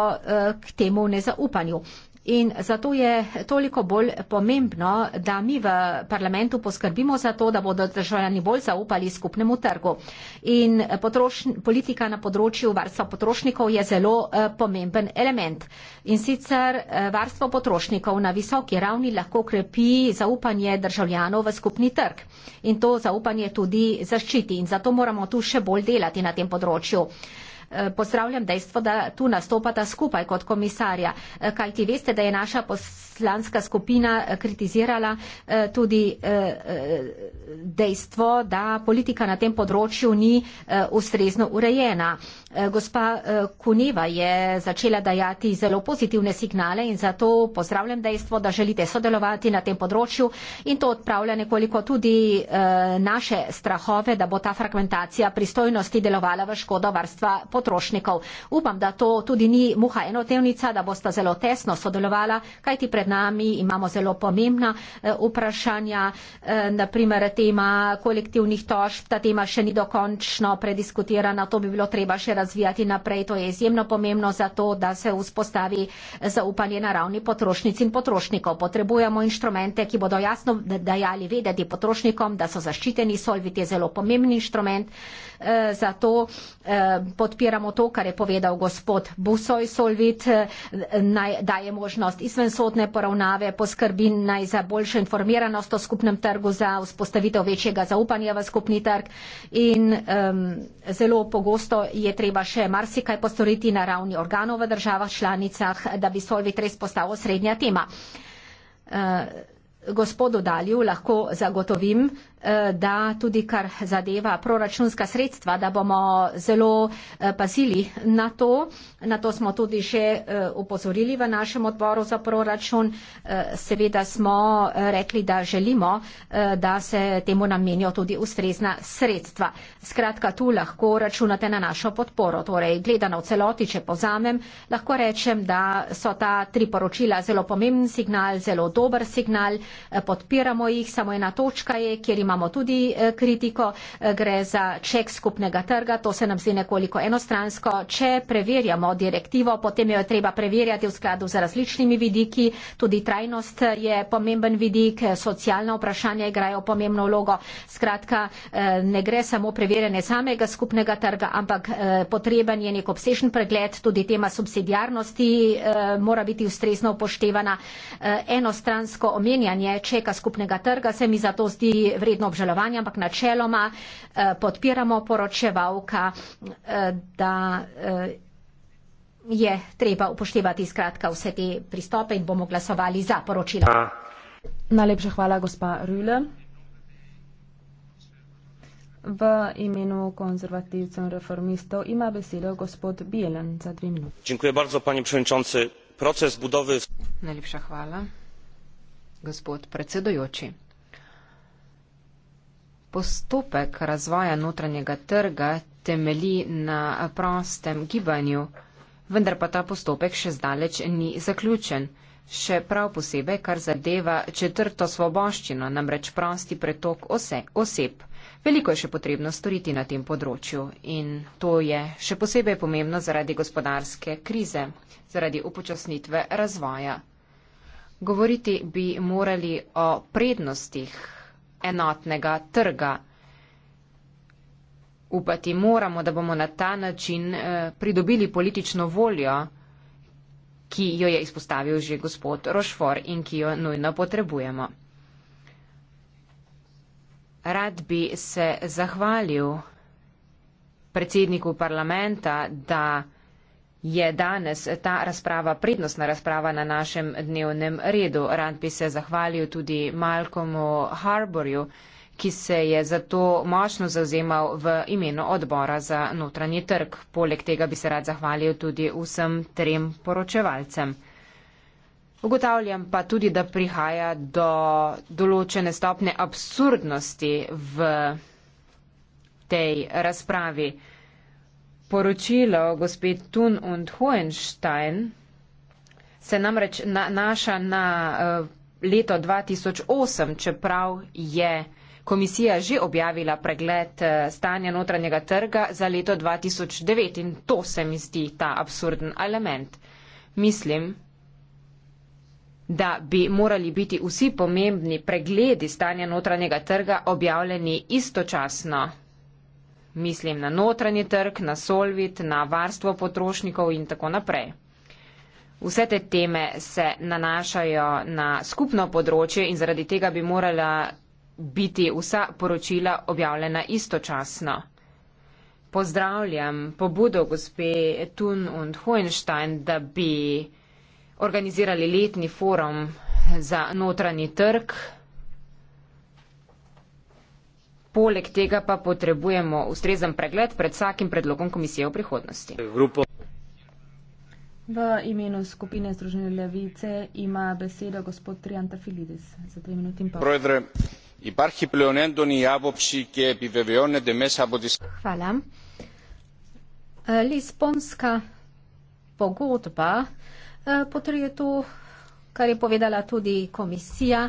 k temu nezaupanju. In zato je toliko bolj pomembno, da mi v parlamentu poskrbimo za to, da bodo državljani bolj zaupali skupnemu trgu. In potrošn, politika na področju varstva potrošnikov je zelo uh, pomemben element. In sicer uh, varstvo potrošnikov na visoki ravni lahko krepi zaupanje državljanov v skupni trg. In to zaupanje tudi zaščiti. In zato moramo tu še bolj delati na tem področju. Eh, pozdravljam dejstvo, da tu nastopata skupaj kot komisarja. Eh, Kaj ti veste, da je naša poslanska skupina eh, kritizirala tudi dejstvo, da politika na tem področju ni ustrezno urejena. Eh, gospa eh, Kuneva je začela dajati zelo pozitivne signale in zato pozdravljam dejstvo, da želite sodelovati na tem področju in to odpravlja nekoliko tudi eh, naše strahove, da bo ta fragmentacija pristojnosti delovala v škodo varstva potrošnikov. Upam, da to tudi ni muha enotevnica, da boste zelo tesno sodelovala, kajti pred nami imamo zelo pomembna vprašanja, naprimer tema kolektivnih tožb, ta tema še ni dokončno prediskutirana, to bi bilo treba še razvijati naprej. To je izjemno pomembno za to, da se vzpostavi zaupanje na ravni potrošnic in potrošnikov. Potrebujemo inštrumente, ki bodo jasno dajali vedeti potrošnikom, da so zaščiteni. Solvit je zelo pomemben inštrument Eh, zato eh, podpiramo to, kar je povedal gospod Busoj Solvit, eh, naj daje možnost izvensodne poravnave, poskrbi naj za boljšo informiranost o skupnem trgu, za vzpostavitev večjega zaupanja v skupni trg in um, zelo pogosto je treba še marsikaj postoriti na ravni organov v državah članicah, da bi Solvit res postal osrednja tema. Uh, gospodu Dalju lahko zagotovim, Eh, da tudi kar zadeva proračunska sredstva, da bomo zelo eh, pazili na to. Na to smo tudi že upozorili eh, v našem odboru za proračun. Seveda smo rekli, da želimo, da se temu namenijo tudi ustrezna sredstva. Skratka, tu lahko računate na našo podporo. Torej, gledano v celoti, če povzamem, lahko rečem, da so ta tri poročila zelo pomemben signal, zelo dober signal, podpiramo jih, samo ena točka je, kjer ima imamo tudi eh, kritiko, eh, gre za ček skupnega trga, to se nam zdi nekoliko enostransko. Če preverjamo direktivo, potem jo je treba preverjati v skladu z različnimi vidiki, tudi trajnost eh, je pomemben vidik, socialna vprašanja igrajo pomembno vlogo. Skratka, ne gre samo preverjanje samega skupnega trga, ampak potreben je nek obsežen pregled, tudi tema subsidijarnosti mora biti ustrezno upoštevana. Enostransko omenjanje čeka skupnega trga se mi zato zdi vredno vedno obžalovanje, ampak načeloma eh, podpiramo poročevalka, eh, da eh, je treba upoštevati skratka vse te pristope in bomo glasovali za poročilo. Najlepša hvala, gospa Rüle.
V imenu konzervativcev in reformistov ima besedo gospod Bielen za dve minuti.
Dziękuję bardzo, panie przewodniczący. Proces budowy.
Najlepša hvala, gospod predsedujoči postopek razvoja notranjega trga temelji na prostem gibanju, vendar pa ta postopek še zdaleč ni zaključen. Še prav posebej, kar zadeva četrto svoboščino, namreč prosti pretok ose, oseb. Veliko je še potrebno storiti na tem področju in to je še posebej pomembno zaradi gospodarske krize, zaradi upočasnitve razvoja. Govoriti bi morali o prednostih enotnega trga. Upati moramo, da bomo na ta način eh, pridobili politično voljo, ki jo je izpostavil že gospod Rošfor in ki jo nujno potrebujemo. Rad bi se zahvalil predsedniku parlamenta, da je danes ta razprava prednostna razprava na našem dnevnem redu. Rad bi se zahvalil tudi Malcolmu Harborju, ki se je zato močno zauzemal v imenu odbora za notranji trg. Poleg tega bi se rad zahvalil tudi vsem trem poročevalcem. Ugotavljam pa tudi, da prihaja do določene stopne absurdnosti v tej razpravi poročilo gospe Thun und Hohenstein se namreč nanaša na eh, leto 2008, čeprav je komisija že objavila pregled eh, stanja notranjega trga za leto 2009 in to se mi zdi ta absurden element. Mislim, da bi morali biti vsi pomembni pregledi stanja notranjega trga objavljeni istočasno mislim na notranji trg, na solvit, na varstvo potrošnikov in tako naprej. Vse te teme se nanašajo na skupno področje in zaradi tega bi morala biti vsa poročila objavljena istočasno. Pozdravljam pobudo gospe Thun und Hohenstein, da bi organizirali letni forum za notranji trg Poleg tega pa potrebujemo ustrezen pregled pred vsakim predlogom komisije v prihodnosti.
V imenu skupine Združene levice ima besedo gospod Trianta Filidis za tri minuti in pol.
Projdre. Hvala. Lisbonska pogodba eh, potrjuje to, kar je povedala tudi komisija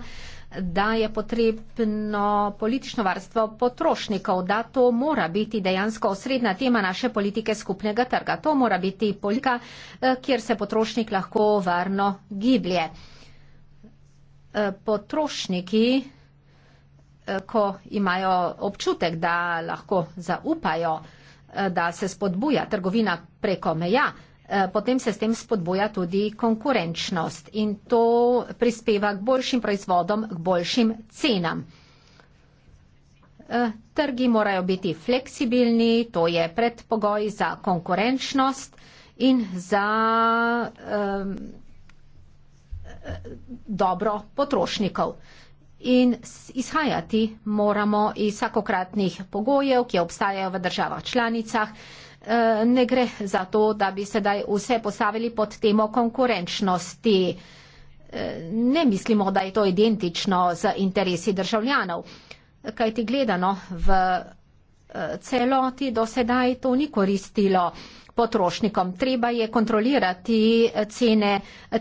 da je potrebno politično varstvo potrošnikov, da to mora biti dejansko osrednja tema naše politike skupnega trga. To mora biti polika, eh, kjer se potrošnik lahko varno giblje. Eh, potrošniki, eh, ko imajo občutek, da lahko zaupajo, da se spodbuja trgovina preko meja, Eh, potem se s tem spodboja tudi konkurenčnost in to prispeva k boljšim proizvodom, k boljšim cenam. Eh, trgi morajo biti fleksibilni, to je predpogoj za konkurenčnost in za ehm, dobro potrošnikov. In izhajati moramo iz vsakokratnih pogojev, ki obstajajo v državah članicah, Eh, ne gre za to, da bi sedaj vse postavili pod temo konkurenčnosti. Eh, ne mislimo, da je to identično z interesi državljanov, kaj ti gledano v eh, celoti do sedaj to ni koristilo potrošnikom. Treba je kontrolirati cene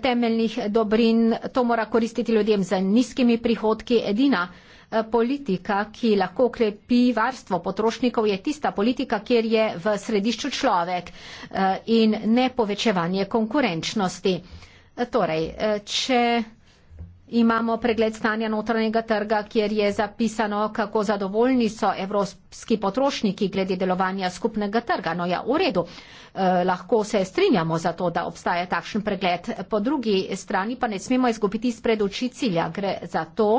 temeljnih dobrin, to mora koristiti ljudem z nizkimi prihodki. Edina Eh, politika, ki lahko krepi varstvo potrošnikov, je tista politika, kjer je v središču človek eh, in ne povečevanje konkurenčnosti. Eh, torej, če imamo pregled stanja notranjega trga, kjer je zapisano, kako zadovoljni so evropski potrošniki glede delovanja skupnega trga. No ja, v redu, lahko se strinjamo za to, da obstaja takšen pregled. Po drugi strani pa ne smemo izgubiti spred oči cilja. Gre za to,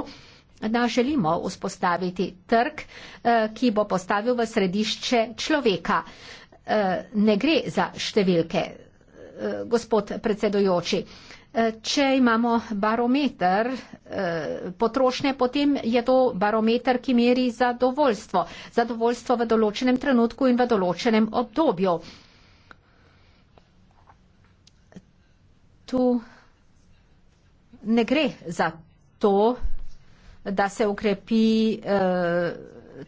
da želimo vzpostaviti trg, eh, ki bo postavil v središče človeka. Eh, ne gre za številke, eh, gospod predsedujoči. Če imamo barometer potrošnje, potem je to barometer, ki meri zadovoljstvo. Zadovoljstvo v določenem trenutku in v določenem obdobju. Tu ne gre za to, da se ukrepi eh,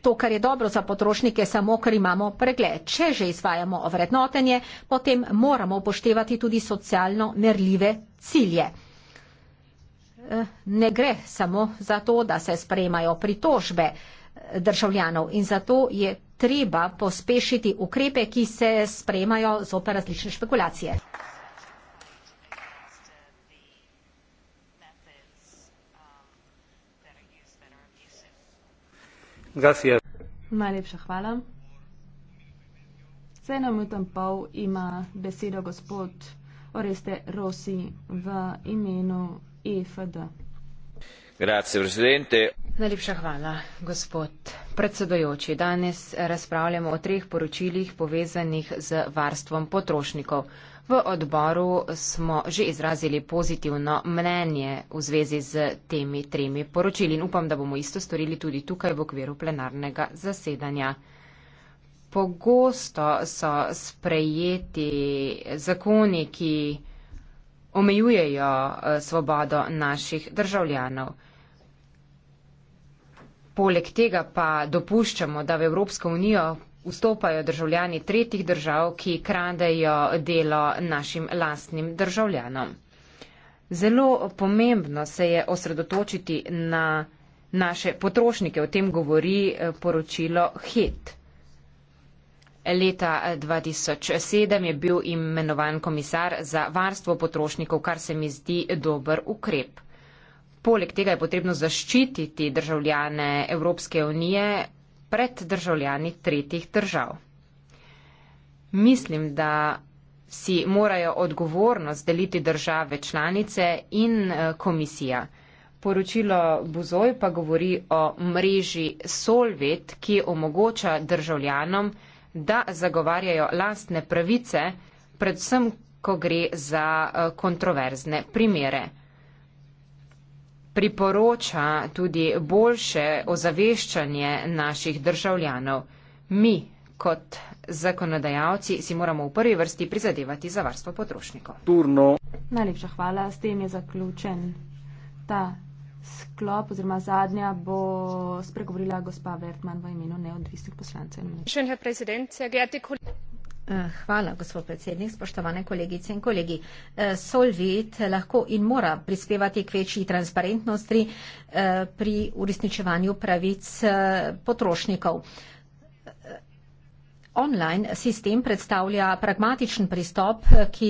to, kar je dobro za potrošnike, samo ker imamo pregled. Če že izvajamo ovrednotenje, potem moramo upoštevati tudi socialno merljive cilje. Eh, ne gre samo za to, da se sprejmajo pritožbe eh, državljanov in zato je treba pospešiti ukrepe, ki se sprejmajo zopet različne špekulacije.
Gracias.
Najlepša hvala. Sedem minut in pol ima besedo gospod Oreste Rosi v
imenu EFD.
Grazie, presidente.
Najlepša hvala, gospod predsedojoči. Danes razpravljamo o treh poročilih povezanih z varstvom potrošnikov. V odboru smo že izrazili pozitivno mnenje v zvezi z temi tremi poročili in upam, da bomo isto storili tudi tukaj v okviru plenarnega zasedanja. Pogosto so sprejeti zakoni, ki omejujejo eh, svobodo naših državljanov. Poleg tega pa dopuščamo, da v Evropsko unijo vstopajo državljani tretjih držav, ki kradejo delo našim lastnim državljanom. Zelo pomembno se je osredotočiti na naše potrošnike, o tem govori eh, poročilo HET. Leta 2007 eh, je bil imenovan komisar za varstvo potrošnikov, kar se mi zdi dober ukrep. Poleg tega je potrebno zaščititi državljane Evropske unije pred državljani tretjih držav. Mislim, da si morajo odgovornost deliti države članice in eh, komisija. Poročilo Buzoj pa govori o mreži Solvet, ki omogoča državljanom, da zagovarjajo lastne pravice, predvsem, ko gre za eh, kontroverzne primere priporoča tudi boljše ozaveščanje naših državljanov. Mi kot zakonodajalci si moramo v prvi vrsti prizadevati za varstvo potrošnikov. Turno. Najlepša hvala, s tem je
zaključen ta sklop oziroma zadnja bo spregovorila
gospa Vertman v imenu neodvisnih poslancev. Eh, hvala, gospod predsednik. Spoštovane kolegice in kolegi. Eh, Solvit lahko in mora prispevati k večji transparentnosti eh, pri uresničevanju pravic potrošnikov. Online sistem predstavlja pragmatičen pristop, ki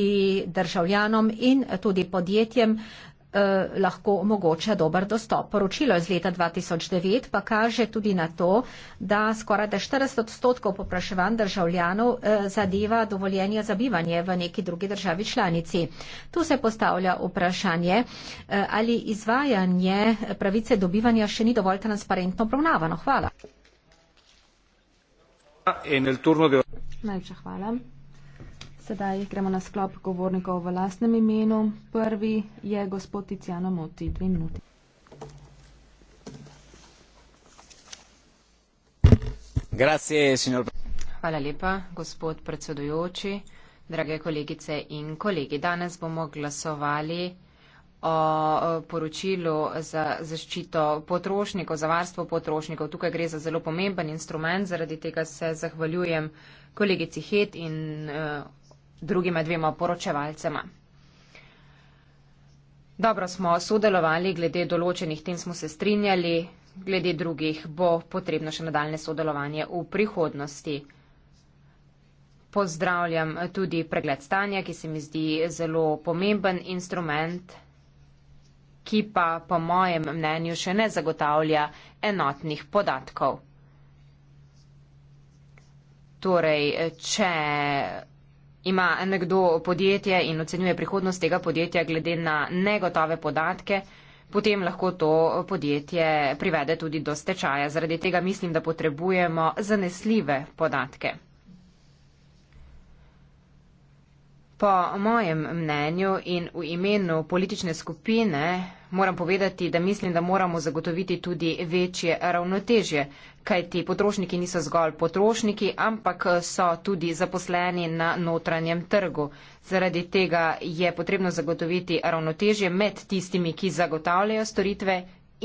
državljanom in tudi podjetjem Eh, lahko omogoča dober dostop. Poročilo iz leta 2009 pa kaže tudi na to, da skoraj da 40 odstotkov popraševanj državljanov eh, zadeva dovoljenje za bivanje v neki drugi državi članici. Tu se postavlja vprašanje, eh, ali izvajanje pravice dobivanja še ni dovolj transparentno obravnavano. Hvala. Najlepša hvala.
Sedaj gremo na sklop govornikov v lastnem imenu. Prvi je
gospod Tiziano Moti. Dve minuti. Grazie, Hvala lepa, gospod predsedujoči, drage kolegice in kolegi. Danes bomo glasovali o poročilu za zaščito potrošnikov, za varstvo potrošnikov. Tukaj gre za zelo pomemben instrument, zaradi tega se zahvaljujem kolegici Het in uh, drugima dvema poročevalcema. Dobro smo sodelovali, glede določenih tem smo se strinjali, glede drugih bo potrebno še nadaljne sodelovanje v prihodnosti. Pozdravljam tudi pregled stanja, ki se mi zdi zelo pomemben instrument, ki pa po mojem mnenju še ne zagotavlja enotnih podatkov. Torej, če. Ima nekdo podjetje in ocenjuje prihodnost tega podjetja glede na negotove podatke, potem lahko to podjetje privede tudi do stečaja. Zaradi tega mislim, da potrebujemo zanesljive podatke. Po mojem mnenju in v imenu politične skupine moram povedati, da mislim, da moramo zagotoviti tudi večje ravnotežje, kajti potrošniki niso zgolj potrošniki, ampak so tudi zaposleni na notranjem trgu. Zaradi tega je potrebno zagotoviti ravnotežje med tistimi, ki zagotavljajo storitve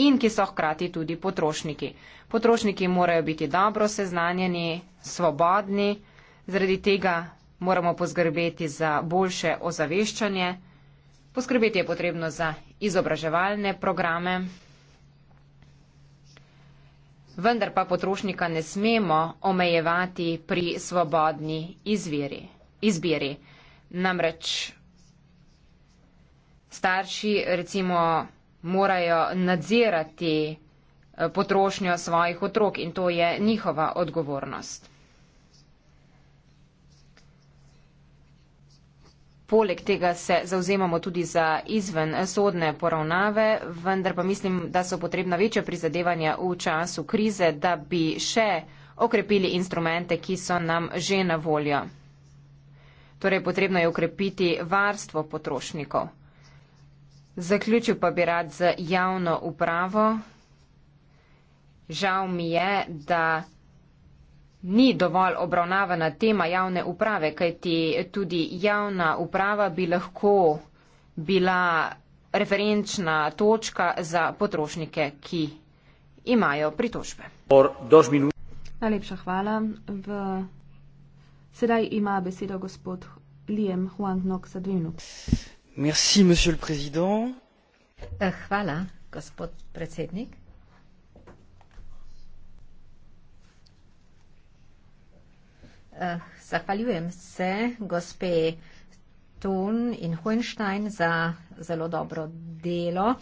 in ki so hkrati tudi potrošniki. Potrošniki morajo biti dobro seznanjeni, svobodni, zaradi tega moramo poskrbeti za boljše ozaveščanje, poskrbeti je potrebno za izobraževalne programe, vendar pa potrošnika ne smemo omejevati pri svobodni izviri, izbiri. Namreč starši recimo morajo nadzirati eh, potrošnjo svojih otrok in to je njihova odgovornost. Poleg tega se zauzemamo tudi za izven sodne poravnave, vendar pa mislim, da so potrebna večja prizadevanja v času krize, da bi še okrepili instrumente, ki so nam že na voljo. Torej, potrebno je okrepiti varstvo potrošnikov. Zaključil pa bi rad z javno upravo. Žal mi je, da ni dovolj obravnavana tema javne uprave, kajti tudi javna uprava bi lahko bila referenčna točka za potrošnike, ki imajo pritožbe. Najlepša hvala. V... Sedaj ima
besedo gospod Liam Huangnok za dve minuti.
Eh, hvala, gospod predsednik. Eh, zahvaljujem se gospe Tun in Hunštajn za zelo dobro delo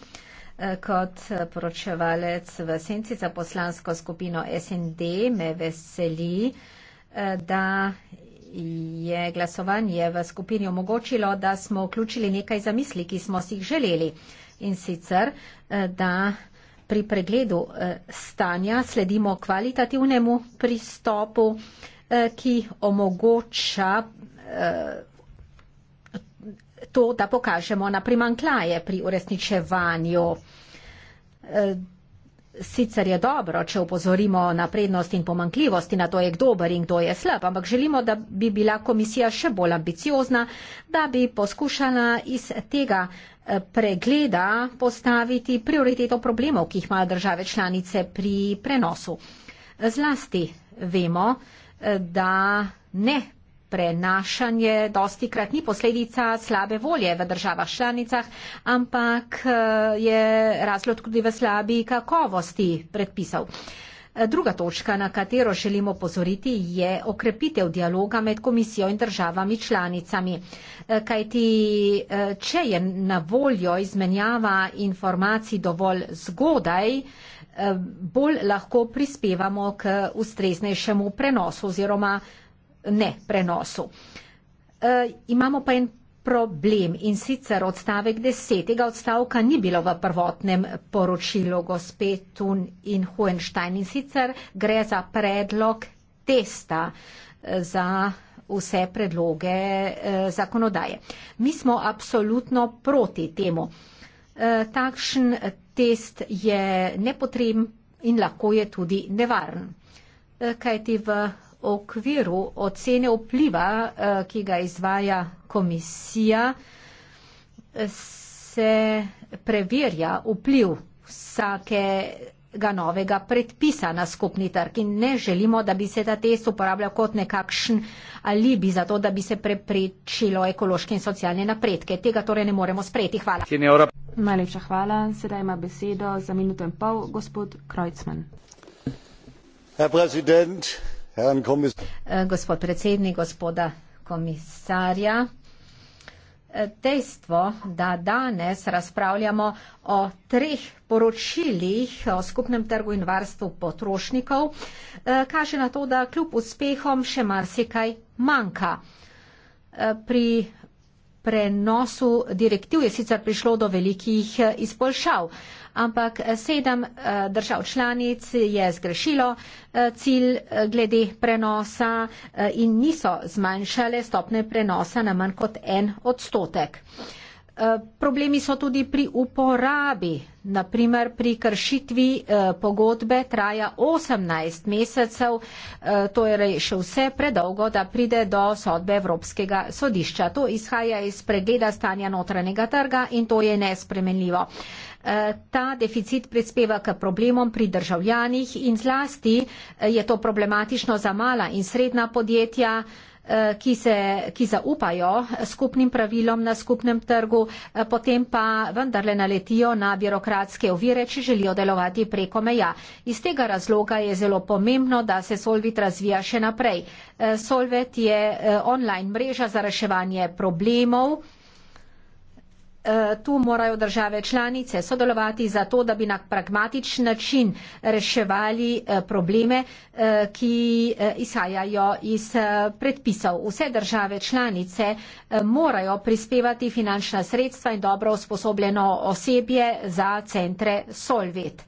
eh, kot poročevalec v senci za poslansko skupino SND me veseli, eh, da je glasovanje v skupini omogočilo, da smo vključili nekaj zamisli, ki smo si jih želeli. In sicer, da pri pregledu stanja sledimo kvalitativnemu pristopu, Eh, ki omogoča eh, to, da pokažemo na primankljaje pri uresničevanju. Eh, sicer je dobro, če upozorimo na prednost in pomankljivosti, na to je kdo dober in kdo je slab, ampak želimo, da bi bila komisija še bolj ambiciozna, da bi poskušala iz tega pregleda postaviti prioriteto problemov, ki jih imajo države članice pri prenosu. Zlasti vemo, da ne. Prenašanje dosti krat ni posledica slabe volje v državah članicah, ampak eh, je razlog tudi v slabi kakovosti predpisov. Eh, druga točka, na katero želimo pozoriti, je okrepitev dialoga med komisijo in državami članicami. Eh, kajti, če je na voljo izmenjava informacij dovolj zgodaj, Eh, bolj lahko prispevamo k ustreznejšemu prenosu oziroma ne prenosu. Eh, imamo pa en problem in sicer odstavek desetega odstavka ni bilo v prvotnem poročilu gospe Tun in Hohenstein in sicer gre za predlog testa eh, za vse predloge zakonodaje. Mi smo absolutno proti temu. Takšen test je nepotreben in lahko je tudi nevaren. Eh, kajti v okviru ocene vpliva, eh, ki ga izvaja komisija, eh, se preverja vpliv vsakega novega predpisa na skupni trg in ne želimo, da bi se ta test uporabljal kot nekakšen alibi za to, da bi se preprečilo ekološke in socialne napredke. Tega torej ne moremo sprejeti. Hvala. Hine, Najlepša hvala. Sedaj ima besedo za minuto in pol gospod Krojcman. Eh, gospod predsednik, gospoda komisarja. Eh, dejstvo, da danes razpravljamo o treh poročilih o skupnem trgu in varstvu potrošnikov, eh, kaže na to, da kljub uspehom še marsikaj manjka. Pri prenosu direktiv je sicer prišlo do velikih eh, izboljšav, ampak eh, sedem eh, držav članic je zgrešilo cilj glede prenosa in niso zmanjšale stopne prenosa na manj kot en odstotek. Eh, problemi so tudi pri uporabi, naprimer pri kršitvi eh, pogodbe traja 18 mesecev, eh, to je še vse predolgo, da pride do sodbe Evropskega sodišča. To izhaja iz pregleda stanja notranjega trga in to je nespremenljivo. Ta deficit prispeva k problemom pri državljanih in zlasti je to problematično za mala in srednja podjetja, Eh, ki, se, ki zaupajo skupnim pravilom na skupnem trgu, eh, potem pa vendarle naletijo na birokratske ovire, če želijo delovati preko meja. Iz tega razloga je zelo pomembno, da se Solvit razvija še naprej. Eh, Solvit je online mreža za reševanje problemov, Eh, tu morajo države članice sodelovati za to, da bi na pragmatičen način reševali eh, probleme, eh, ki izhajajo iz predpisov. Vse države članice morajo prispevati finančna sredstva in dobro usposobljeno osebje za centre Solvet.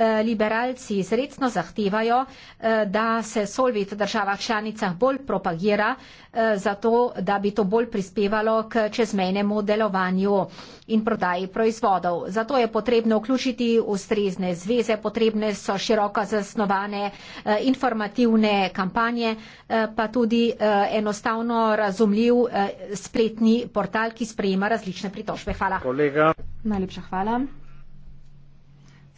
Eh, liberalci izredno zahtevajo, eh, da se solvit v državah članicah bolj propagira, eh, zato da bi to bolj prispevalo k čezmejnemu delovanju in prodaji proizvodov. Zato je potrebno vključiti ustrezne zveze, potrebne so široko zasnovane informativne kampanje, pa tudi enostavno razumljiv spletni portal, ki sprejema različne pritožbe. Hvala. Kolega. Najlepša hvala.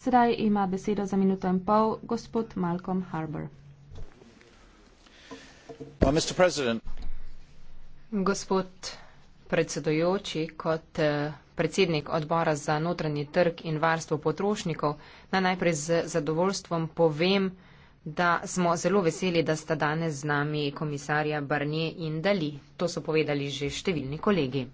Sedaj ima besedo za minuto in pol gospod
Malcolm Harbour. Gospod predsedujoči, kot eh, predsednik odbora za notranji trg in varstvo potrošnikov, naj najprej z zadovoljstvom povem, da smo zelo veseli, da sta danes z nami komisarja Barnier in Dali. To so povedali že številni kolegi.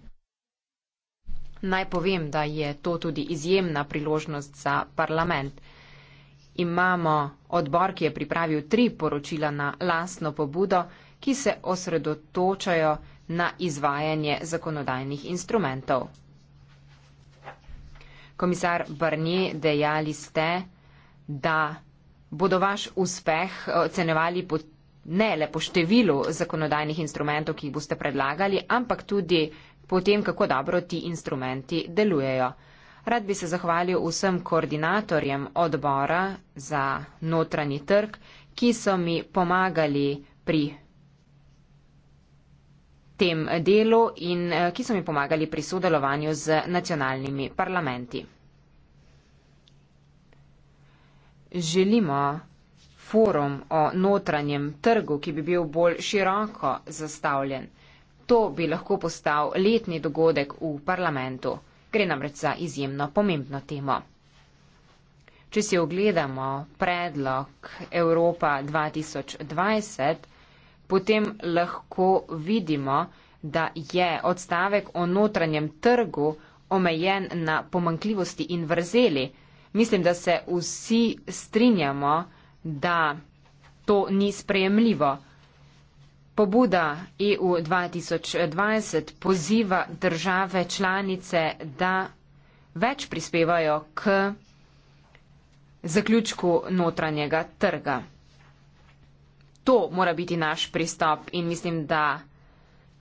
Naj povem, da je to tudi izjemna priložnost za parlament. Imamo odbor, ki je pripravil tri poročila na lastno pobudo, ki se osredotočajo na izvajanje zakonodajnih instrumentov. Komisar Barnier, dejali ste, da bodo vaš uspeh eh, ocenjevali ne le po številu zakonodajnih instrumentov, ki jih boste predlagali, ampak tudi po potem kako dobro ti instrumenti delujejo. Rad bi se zahvalil vsem koordinatorjem odbora za notranji trg, ki so mi pomagali pri tem delu in eh, ki so mi pomagali pri sodelovanju z nacionalnimi parlamenti. Želimo forum o notranjem trgu, ki bi bil bolj široko zastavljen. To bi lahko postal letni dogodek v parlamentu. Gre namreč za izjemno pomembno temo. Če si ogledamo predlog Evropa 2020, potem lahko vidimo, da je odstavek o notranjem trgu omejen na pomankljivosti in vrzeli. Mislim, da se vsi strinjamo, da to ni sprejemljivo. Pobuda EU 2020 poziva države članice, da več prispevajo k zaključku notranjega trga. To mora biti naš pristop in mislim, da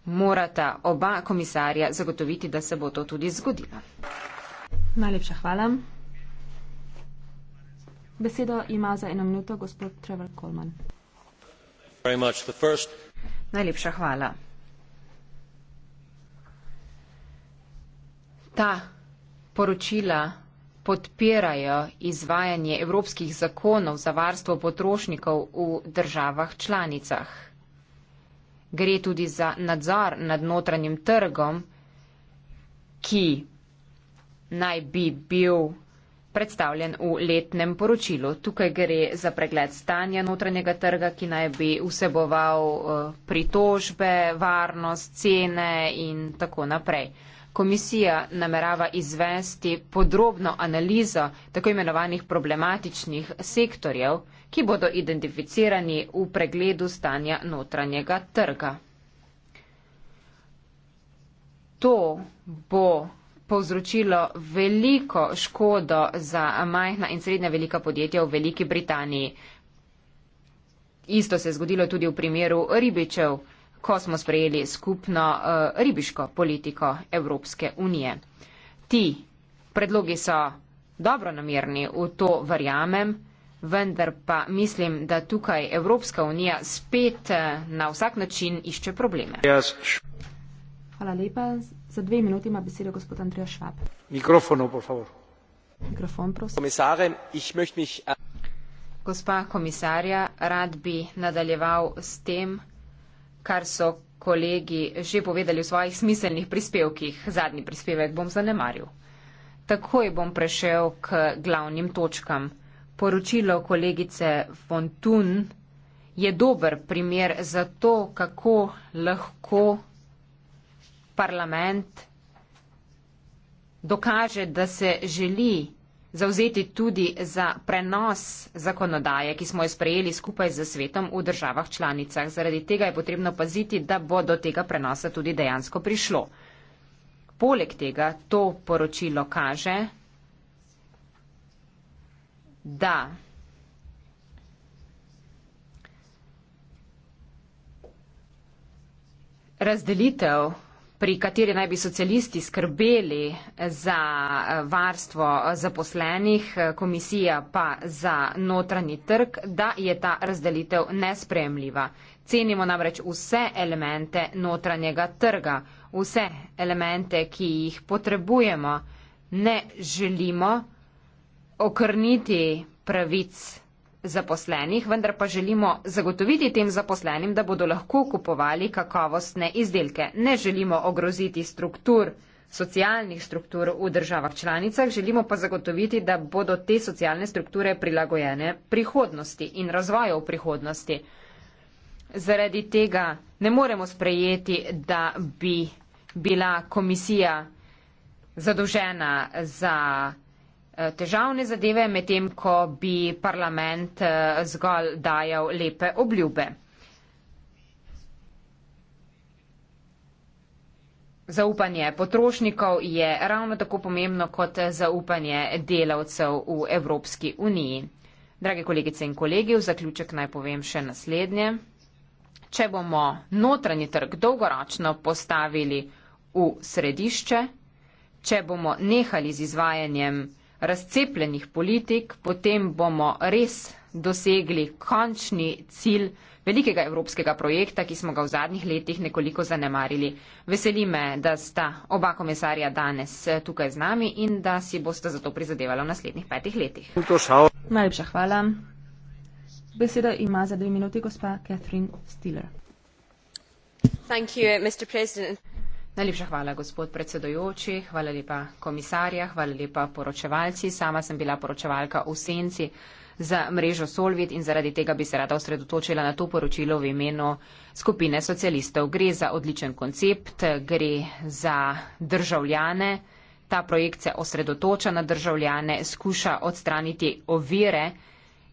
morata oba komisarja zagotoviti, da se bo to tudi zgodilo.
Najlepša hvala. Besedo ima za eno minuto gospod
Trevor Coleman. Najlepša hvala. Ta poročila podpirajo izvajanje evropskih zakonov za varstvo potrošnikov v državah članicah. Gre tudi za nadzor nad notranjim trgom, ki naj bi bil predstavljen v letnem poročilu. Tukaj gre za pregled stanja notranjega trga, ki naj bi vseboval eh, pritožbe, varnost, cene in tako naprej. Komisija namerava izvesti podrobno analizo tako imenovanih problematičnih sektorjev, ki bodo identificirani v pregledu stanja notranjega trga. To bo povzročilo veliko škodo za majhna in srednja velika podjetja v Veliki Britaniji. Isto se je zgodilo tudi v primeru ribičev, ko smo sprejeli skupno uh, ribiško politiko Evropske unije. Ti predlogi so dobro namirni, v to verjamem, vendar pa mislim, da tukaj Evropska unija spet eh, na vsak način išče probleme. Hvala lepa mikrofon mikrofon komisarin ich möchte mich äh, gospa komisarja rad bi nadaljeval s tem kar so kolegi že povedali v svojih smiselnih prispevkih zadnji prispevek bom zanemaril takoj bom prešel k glavnim točkam poročilo kolegice fontun je dober primer za to kako lahko parlament dokaže, da se želi zauzeti tudi za prenos zakonodaje, ki smo jo sprejeli skupaj z svetom v državah članicah. Zaradi tega je potrebno paziti, da bo do tega prenosa tudi dejansko prišlo. Poleg tega to poročilo kaže, da razdelitev pri kateri naj bi socialisti skrbeli za eh, varstvo eh, zaposlenih, eh, komisija pa za notranji trg, da je ta razdelitev nespremljiva. Cenimo namreč vse elemente notranjega trga, vse elemente, ki jih potrebujemo. Ne želimo okrniti pravic zaposlenih, vendar pa želimo zagotoviti tem zaposlenim, da bodo lahko kupovali kakovostne izdelke. Ne želimo ogroziti struktur, socialnih struktur v državah članicah, želimo pa zagotoviti, da bodo te socialne strukture prilagojene prihodnosti in razvoju v prihodnosti. Zaradi tega ne moremo sprejeti, da bi bila komisija zadolžena za težavne zadeve, medtem ko bi parlament eh, zgolj dajal lepe obljube. Zaupanje potrošnikov je ravno tako pomembno kot zaupanje delavcev v Evropski uniji. Drage kolegice in kolegi, v zaključek naj povem še naslednje. Če bomo notranji trg dolgoročno postavili v središče, če bomo nehali z izvajanjem razcepljenih politik, potem bomo res dosegli končni cilj velikega evropskega projekta, ki smo ga v zadnjih letih nekoliko zanemarili. Veseli me, da sta oba komisarja danes eh, tukaj z nami in da si boste za to prizadevali v naslednjih petih letih.
Najlepša hvala. Besedo ima za dve minuti gospa Catherine Stiller.
Najlepša hvala, gospod predsedojoči, hvala lepa komisarja, hvala lepa poročevalci. Sama sem bila poročevalka v senci za mrežo Solvit in zaradi tega bi se rada osredotočila na to poročilo v imenu skupine socialistov. Gre za odličen koncept, gre za državljane. Ta projekt se osredotoča na državljane, skuša odstraniti ovire,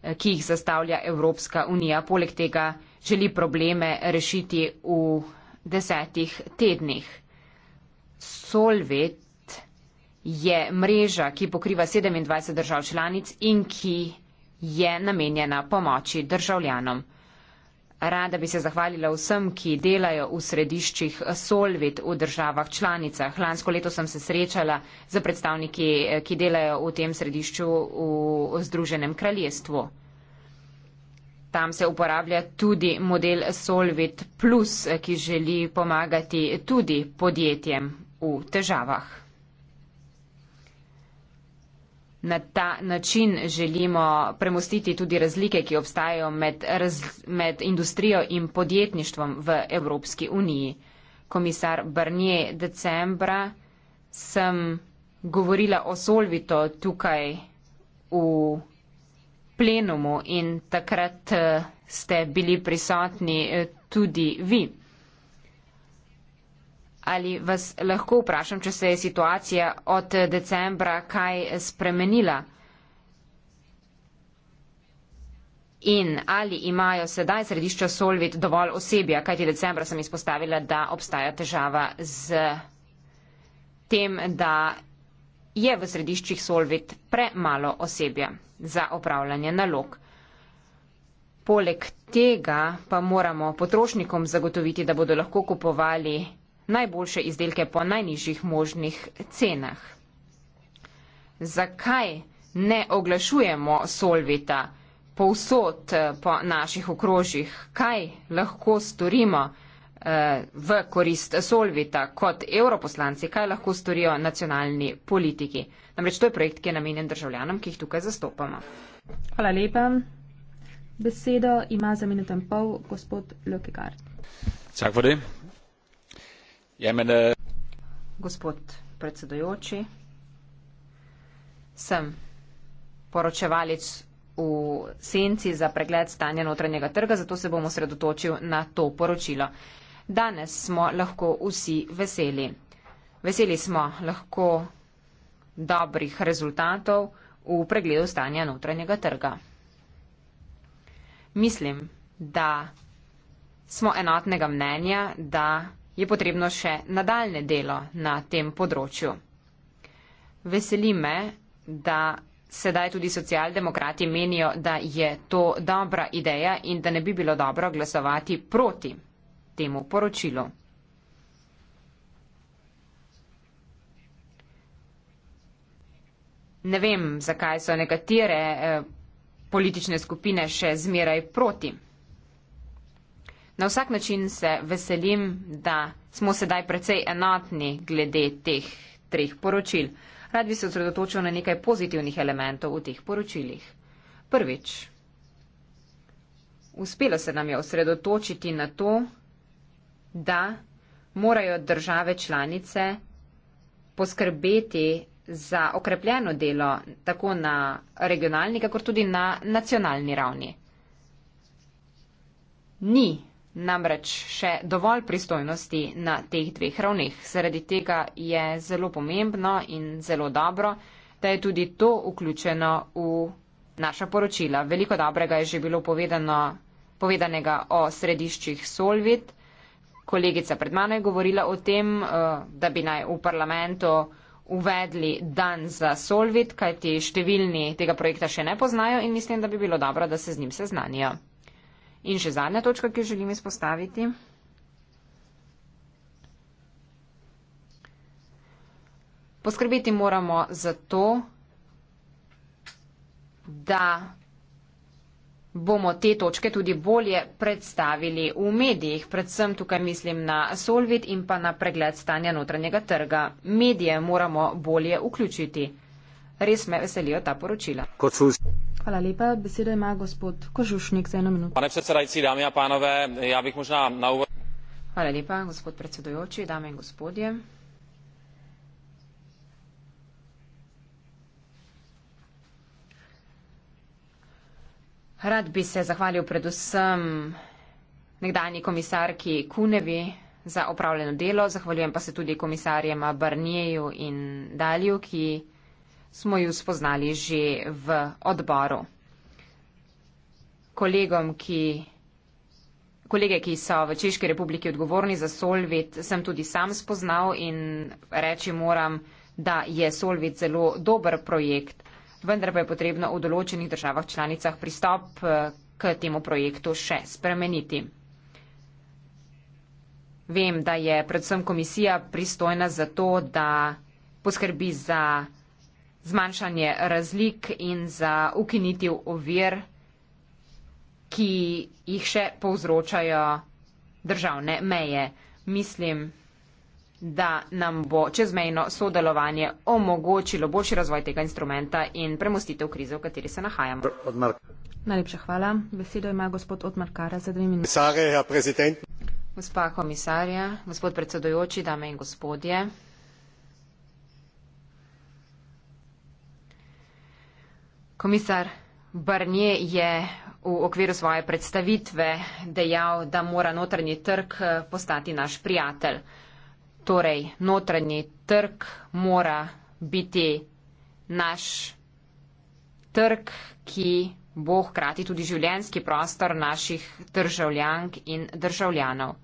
ki jih zastavlja Evropska unija. Poleg tega želi probleme rešiti v desetih tednih. Solvet je mreža, ki pokriva 27 držav članic in ki je namenjena pomoči državljanom. Rada bi se zahvalila vsem, ki delajo v središčih Solvit v državah članicah. Lansko leto sem se srečala z predstavniki, ki delajo v tem središču v Združenem kraljestvu. Tam se uporablja tudi model Solvit Plus, ki želi pomagati tudi podjetjem v težavah. Na ta način želimo premostiti tudi razlike, ki obstajajo med, raz, med industrijo in podjetništvom v Evropski uniji. Komisar Barnier decembra sem govorila o Solvito tukaj v plenumu in takrat eh, ste bili prisotni eh, tudi vi. Ali vas lahko vprašam, če se je situacija od decembra kaj spremenila? In ali imajo sedaj središča Solvit dovolj osebja, kajti decembra sem izpostavila, da obstaja težava z tem, da je v središčih Solvit premalo osebja za opravljanje nalog. Poleg tega pa moramo potrošnikom zagotoviti, da bodo lahko kupovali najboljše izdelke po najnižjih možnih cenah. Zakaj ne oglašujemo solvita povsod eh, po naših okrožjih? Kaj lahko storimo eh, v korist solvita kot europoslanci? Kaj lahko storijo nacionalni politiki? Namreč to je projekt, ki je namenjen državljanom, ki jih tukaj zastopamo. Hvala lepa. Besedo ima za minuto in pol gospod Lokegard.
Tak for det. Jemen, ja, eh,
Gospod predsedujoči, sem poročevalec v senci za pregled stanja notranjega trga, zato se bom osredotočil na to poročilo. Danes smo lahko vsi veseli. Veseli smo lahko dobrih rezultatov v pregledu stanja notranjega trga. Mislim, da smo enotnega mnenja, da je potrebno še nadaljne delo na tem področju. Veseli me, da sedaj tudi socialdemokrati menijo, da je to dobra ideja in da ne bi bilo dobro glasovati proti temu poročilu. Ne vem, zakaj so nekatere eh, politične skupine še zmeraj proti. Na vsak način se veselim, da smo sedaj precej enotni glede teh treh poročil. Rad bi se osredotočil na nekaj pozitivnih elementov v teh poročilih. Prvič, uspelo se nam je osredotočiti na to, da morajo države članice poskrbeti za okrepljeno delo tako na regionalni, kakor tudi na nacionalni ravni. Ni namreč še dovolj pristojnosti na teh dveh ravneh. Zaradi tega je zelo pomembno in zelo dobro, da je tudi to vključeno v naša poročila. Veliko dobrega je že bilo povedano, povedanega o središčih Solvit. Kolegica pred mano je govorila o tem, eh, da bi naj v parlamentu uvedli dan za Solvit, kajti številni tega projekta še ne poznajo in mislim, da bi bilo dobro, da se z njim seznanijo. In še zadnja točka, ki jo želim izpostaviti. Poskrbeti moramo za to, da bomo te točke tudi bolje predstavili v medijih. Predvsem tukaj mislim na Solvit in pa na pregled stanja notranjega trga. Medije moramo bolje vključiti. Res me veselijo ta poročila. Hvala lepa. Besedo ima gospod Kožušnik za eno minuto.
Pane predsedajci, dame in panove, ja bih možno na uvod.
Hvala lepa, gospod predsedojoči, dame in gospodje. Rad bi se zahvalil predvsem nekdani komisarki Kunevi za opravljeno delo, zahvaljujem pa se tudi komisarjema Barnieju in Dalju, ki smo ju spoznali že v odboru. Kolegom, ki, kolege, ki so v Češki republiki odgovorni za Solvit, sem tudi sam spoznal in reči moram, da je Solvit zelo dober projekt, vendar pa je potrebno v določenih državah članicah pristop eh, k temu projektu še spremeniti. Vem, da je predvsem komisija pristojna za to, da poskrbi za zmanjšanje razlik in za ukinitev ovir, ki jih še povzročajo državne meje. Mislim, da nam bo čezmejno sodelovanje omogočilo boljši razvoj tega instrumenta in premustitev krize, v kateri se nahajamo. Odmar. Najlepša hvala. Besedo ima gospod Otmar Kara za dve minute. Ja, Gospa komisarja, gospod predsedojoči, dame in gospodje. Komisar Barnier je v okviru svoje predstavitve dejal, da mora notranji trg eh, postati naš prijatelj. Torej, notranji trg mora biti naš trg, ki bo hkrati tudi življenski prostor naših državljank in državljanov.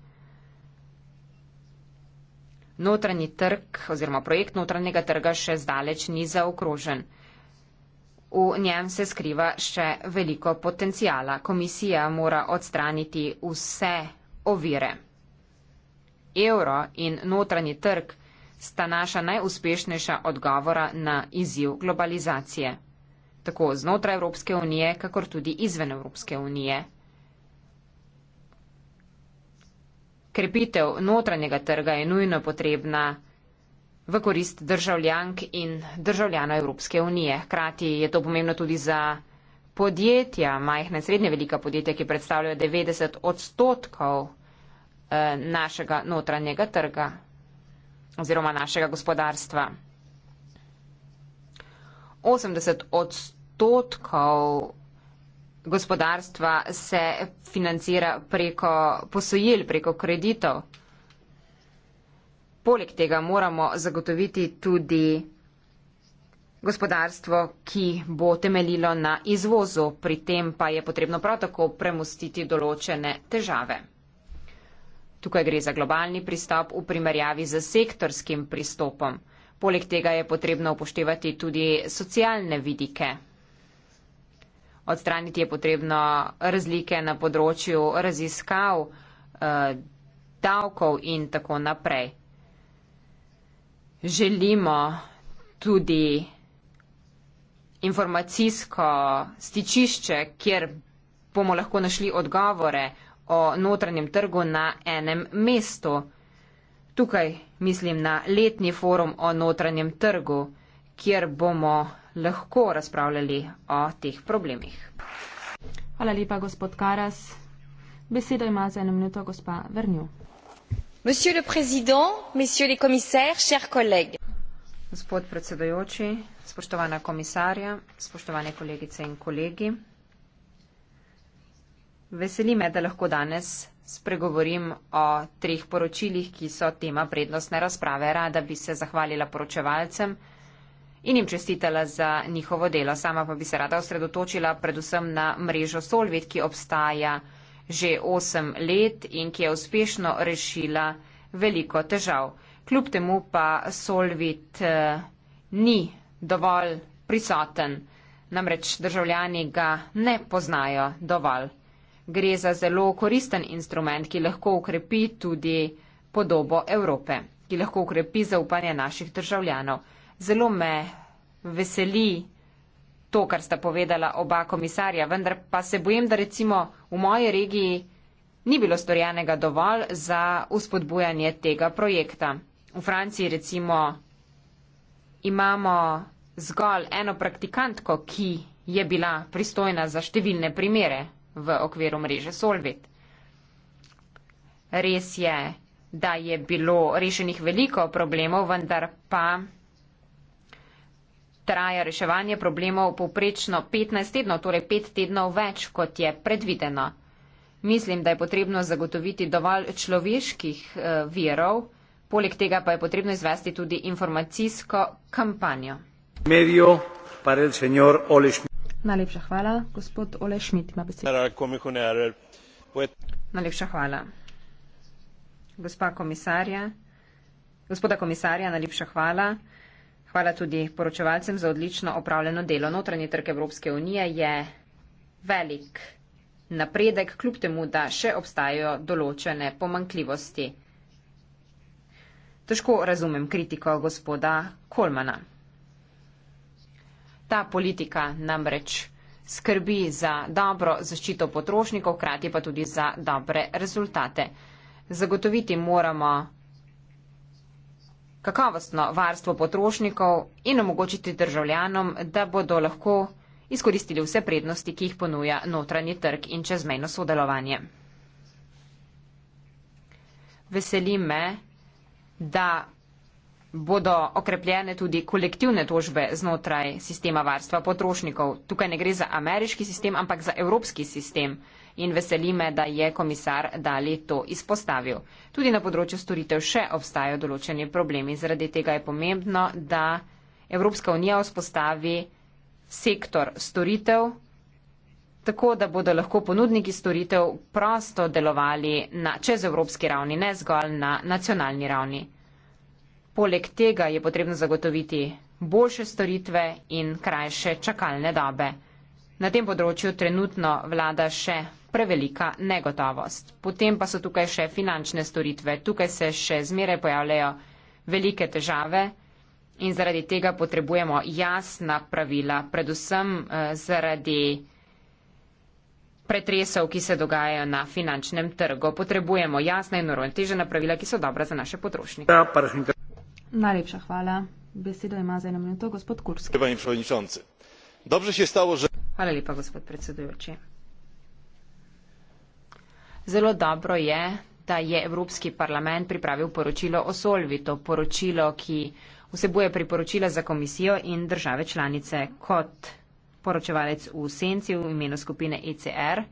Notranji trg oziroma projekt notranjega trga še zdaleč ni zaokrožen. V njem se skriva še veliko potencijala. Komisija mora odstraniti vse ovire. Evro in notranji trg sta naša najuspešnejša odgovora na izziv globalizacije, tako znotraj Evropske unije, kakor tudi izven Evropske unije. Krepitev notranjega trga je nujno potrebna v korist državljank in državljana Evropske unije. Hkrati je to pomembno tudi za podjetja, majhne in srednje velika podjetja, ki predstavljajo 90 odstotkov eh, našega notranjega trga oziroma našega gospodarstva. 80 odstotkov gospodarstva se financira preko posojil, preko kreditov. Poleg tega moramo zagotoviti tudi gospodarstvo, ki bo temeljilo na izvozu, pri tem pa je potrebno prav tako premustiti določene težave. Tukaj gre za globalni pristop v primerjavi z sektorskim pristopom. Poleg tega je potrebno upoštevati tudi socialne vidike. Odstraniti je potrebno razlike na področju raziskav, eh, davkov in tako naprej želimo tudi informacijsko stičišče, kjer bomo lahko našli odgovore o notranjem trgu na enem mestu. Tukaj mislim na letni forum o notranjem trgu, kjer bomo lahko razpravljali o teh problemih.
Hvala lepa, gospod Karas. Besedo ima za eno minuto gospa Vrnju
monsieur le président messieurs les commissaires chers collègues gospod predsedujoči spoštovana komisarja spoštovane kolegice in kolegi veseli me da lahko danes spregovorim o treh poročilih ki so tema prednostne razprave rada bi se zahvalila poročevalcem in jim čestitala za njihovo delo sama pa bi se rada osredotočila predvsem na mrežo solvit ki obstaja že osem let in ki je uspešno rešila veliko težav. Kljub temu pa Solvit eh, ni dovolj prisoten, namreč državljani ga ne poznajo dovolj. Gre za zelo koristen instrument, ki lahko ukrepi tudi podobo Evrope, ki lahko ukrepi zaupanje naših državljanov. Zelo me veseli, to, kar sta povedala oba komisarja, vendar pa se bojim, da recimo v moji regiji ni bilo storjenega dovolj za uspodbujanje tega projekta. V Franciji recimo imamo zgolj eno praktikantko, ki je bila pristojna za številne primere v okviru mreže Solvit. Res je, da je bilo rešenih veliko problemov, vendar pa traja reševanje problemov povprečno 15 tednov, torej 5 tednov več, kot je predvideno. Mislim, da je potrebno zagotoviti dovolj človeških eh, virov, poleg tega pa je potrebno izvesti tudi informacijsko kampanjo. Medio, Najlepša hvala, gospod Ole Šmit ima besedo.
Eh,
najlepša hvala. Gospa komisarja, gospoda komisarja, najlepša hvala. Hvala tudi poročevalcem za odlično opravljeno delo. Notranji trg Evropske unije je velik napredek, kljub temu, da še obstajajo določene pomankljivosti. Težko razumem kritiko gospoda Kolmana. Ta politika namreč skrbi za dobro zaščito potrošnikov, krati pa tudi za dobre rezultate. Zagotoviti moramo kakovostno varstvo potrošnikov in omogočiti državljanom, da bodo lahko izkoristili vse prednosti, ki jih ponuja notranji trg in čezmejno sodelovanje. Veseli me, da bodo okrepljene tudi kolektivne tožbe znotraj sistema varstva potrošnikov. Tukaj ne gre za ameriški sistem, ampak za evropski sistem in veseli me, da je komisar Dali to izpostavil. Tudi na področju storitev še obstajajo določeni problemi, zaradi tega je pomembno, da Evropska unija vzpostavi sektor storitev, tako da bodo lahko ponudniki storitev prosto delovali na čez evropski ravni, ne zgolj na nacionalni ravni. Poleg tega je potrebno zagotoviti boljše storitve in krajše čakalne dobe. Na tem področju trenutno vlada še prevelika negotovost. Potem pa so tukaj še finančne storitve. Tukaj se še zmeraj pojavljajo velike težave in zaradi tega potrebujemo jasna pravila, predvsem eh, zaradi pretresov, ki se dogajajo na finančnem trgu. Potrebujemo jasna in uravnotežena pravila, ki so dobra za naše potrošnike. Ja, Najlepša hvala. Besedo ima za eno minuto gospod Kurski. Hvala lepa, gospod predsedujoči. Zelo dobro je, da je Evropski parlament pripravil poročilo o Solvito, poročilo, ki vsebuje priporočila za komisijo in države članice. Kot poročevalec v senci v imenu skupine ECR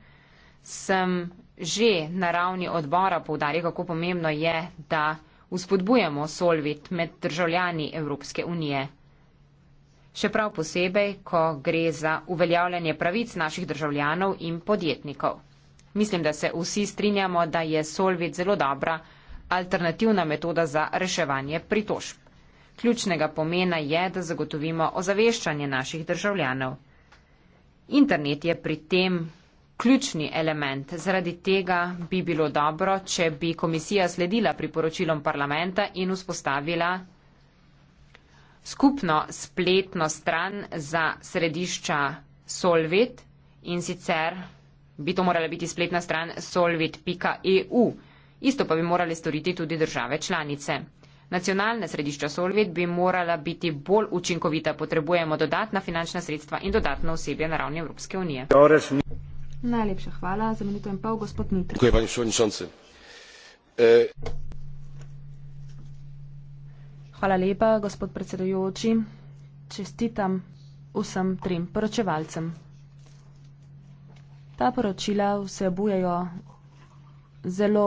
sem že na ravni odbora povdaril, kako pomembno je, da uspodbujamo Solvit med državljani Evropske unije. Še prav posebej, ko gre za uveljavljanje pravic naših državljanov in podjetnikov. Mislim, da se vsi strinjamo, da je Solvit zelo dobra alternativna metoda za reševanje pritožb. Ključnega pomena je, da zagotovimo ozaveščanje naših državljanov. Internet je pri tem ključni element. Zaradi tega bi bilo dobro, če bi komisija sledila priporočilom parlamenta in vzpostavila skupno spletno stran za središča Solvit in sicer bi to morala biti spletna stran solvit.eu. Isto pa bi morale storiti tudi države članice. Nacionalna središča Solvit bi morala biti bolj učinkovita, potrebujemo dodatna finančna sredstva in dodatno osebje na ravni Evropske unije. Najlepša hvala za minuto in pol, gospod Nitro. E,
hvala lepa, gospod predsedujoči. Čestitam vsem trim poročevalcem. Ta poročila vsebujejo zelo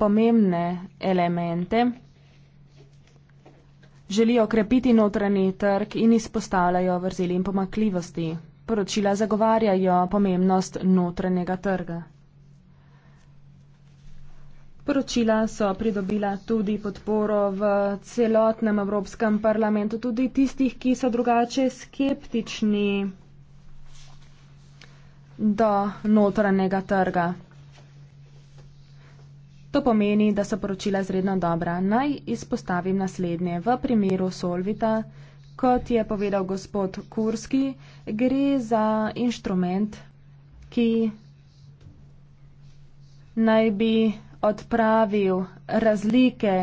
pomembne elemente. Želijo krepiti notranji trg in izpostavljajo vrzeli in pomakljivosti. Poročila zagovarjajo pomembnost notranjega trga. Poročila so pridobila tudi podporo v celotnem Evropskem parlamentu, tudi tistih, ki so drugače skeptični do notranjega trga. To pomeni, da so poročila zredno dobra. Naj izpostavim naslednje. V primeru Solvita, kot je povedal gospod Kurski, gre za inštrument, ki naj bi odpravil razlike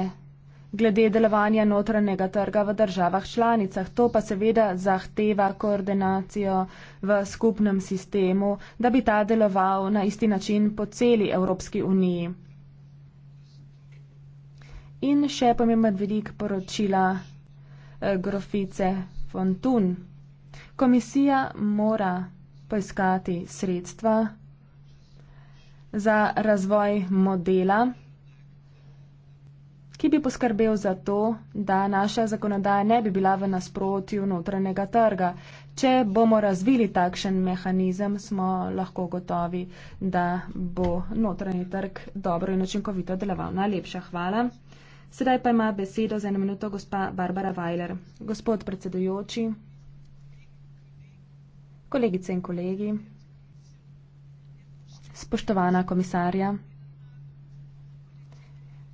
glede delovanja notranjega trga v državah članicah. To pa seveda zahteva koordinacijo v skupnem sistemu, da bi ta deloval na isti način po celi Evropski uniji. In še pomemben vidik poročila eh, grofice Fontun. Komisija mora poiskati sredstva za razvoj modela, ki bi poskrbel za to, da naša zakonodaja ne bi bila v nasprotju notranjega trga. Če bomo razvili takšen mehanizem, smo lahko gotovi, da bo notranji trg dobro in učinkovito deloval. Najlepša hvala. Sedaj pa ima besedo za eno minuto gospa Barbara Weiler. Gospod predsedujoči, kolegice in kolegi, spoštovana komisarja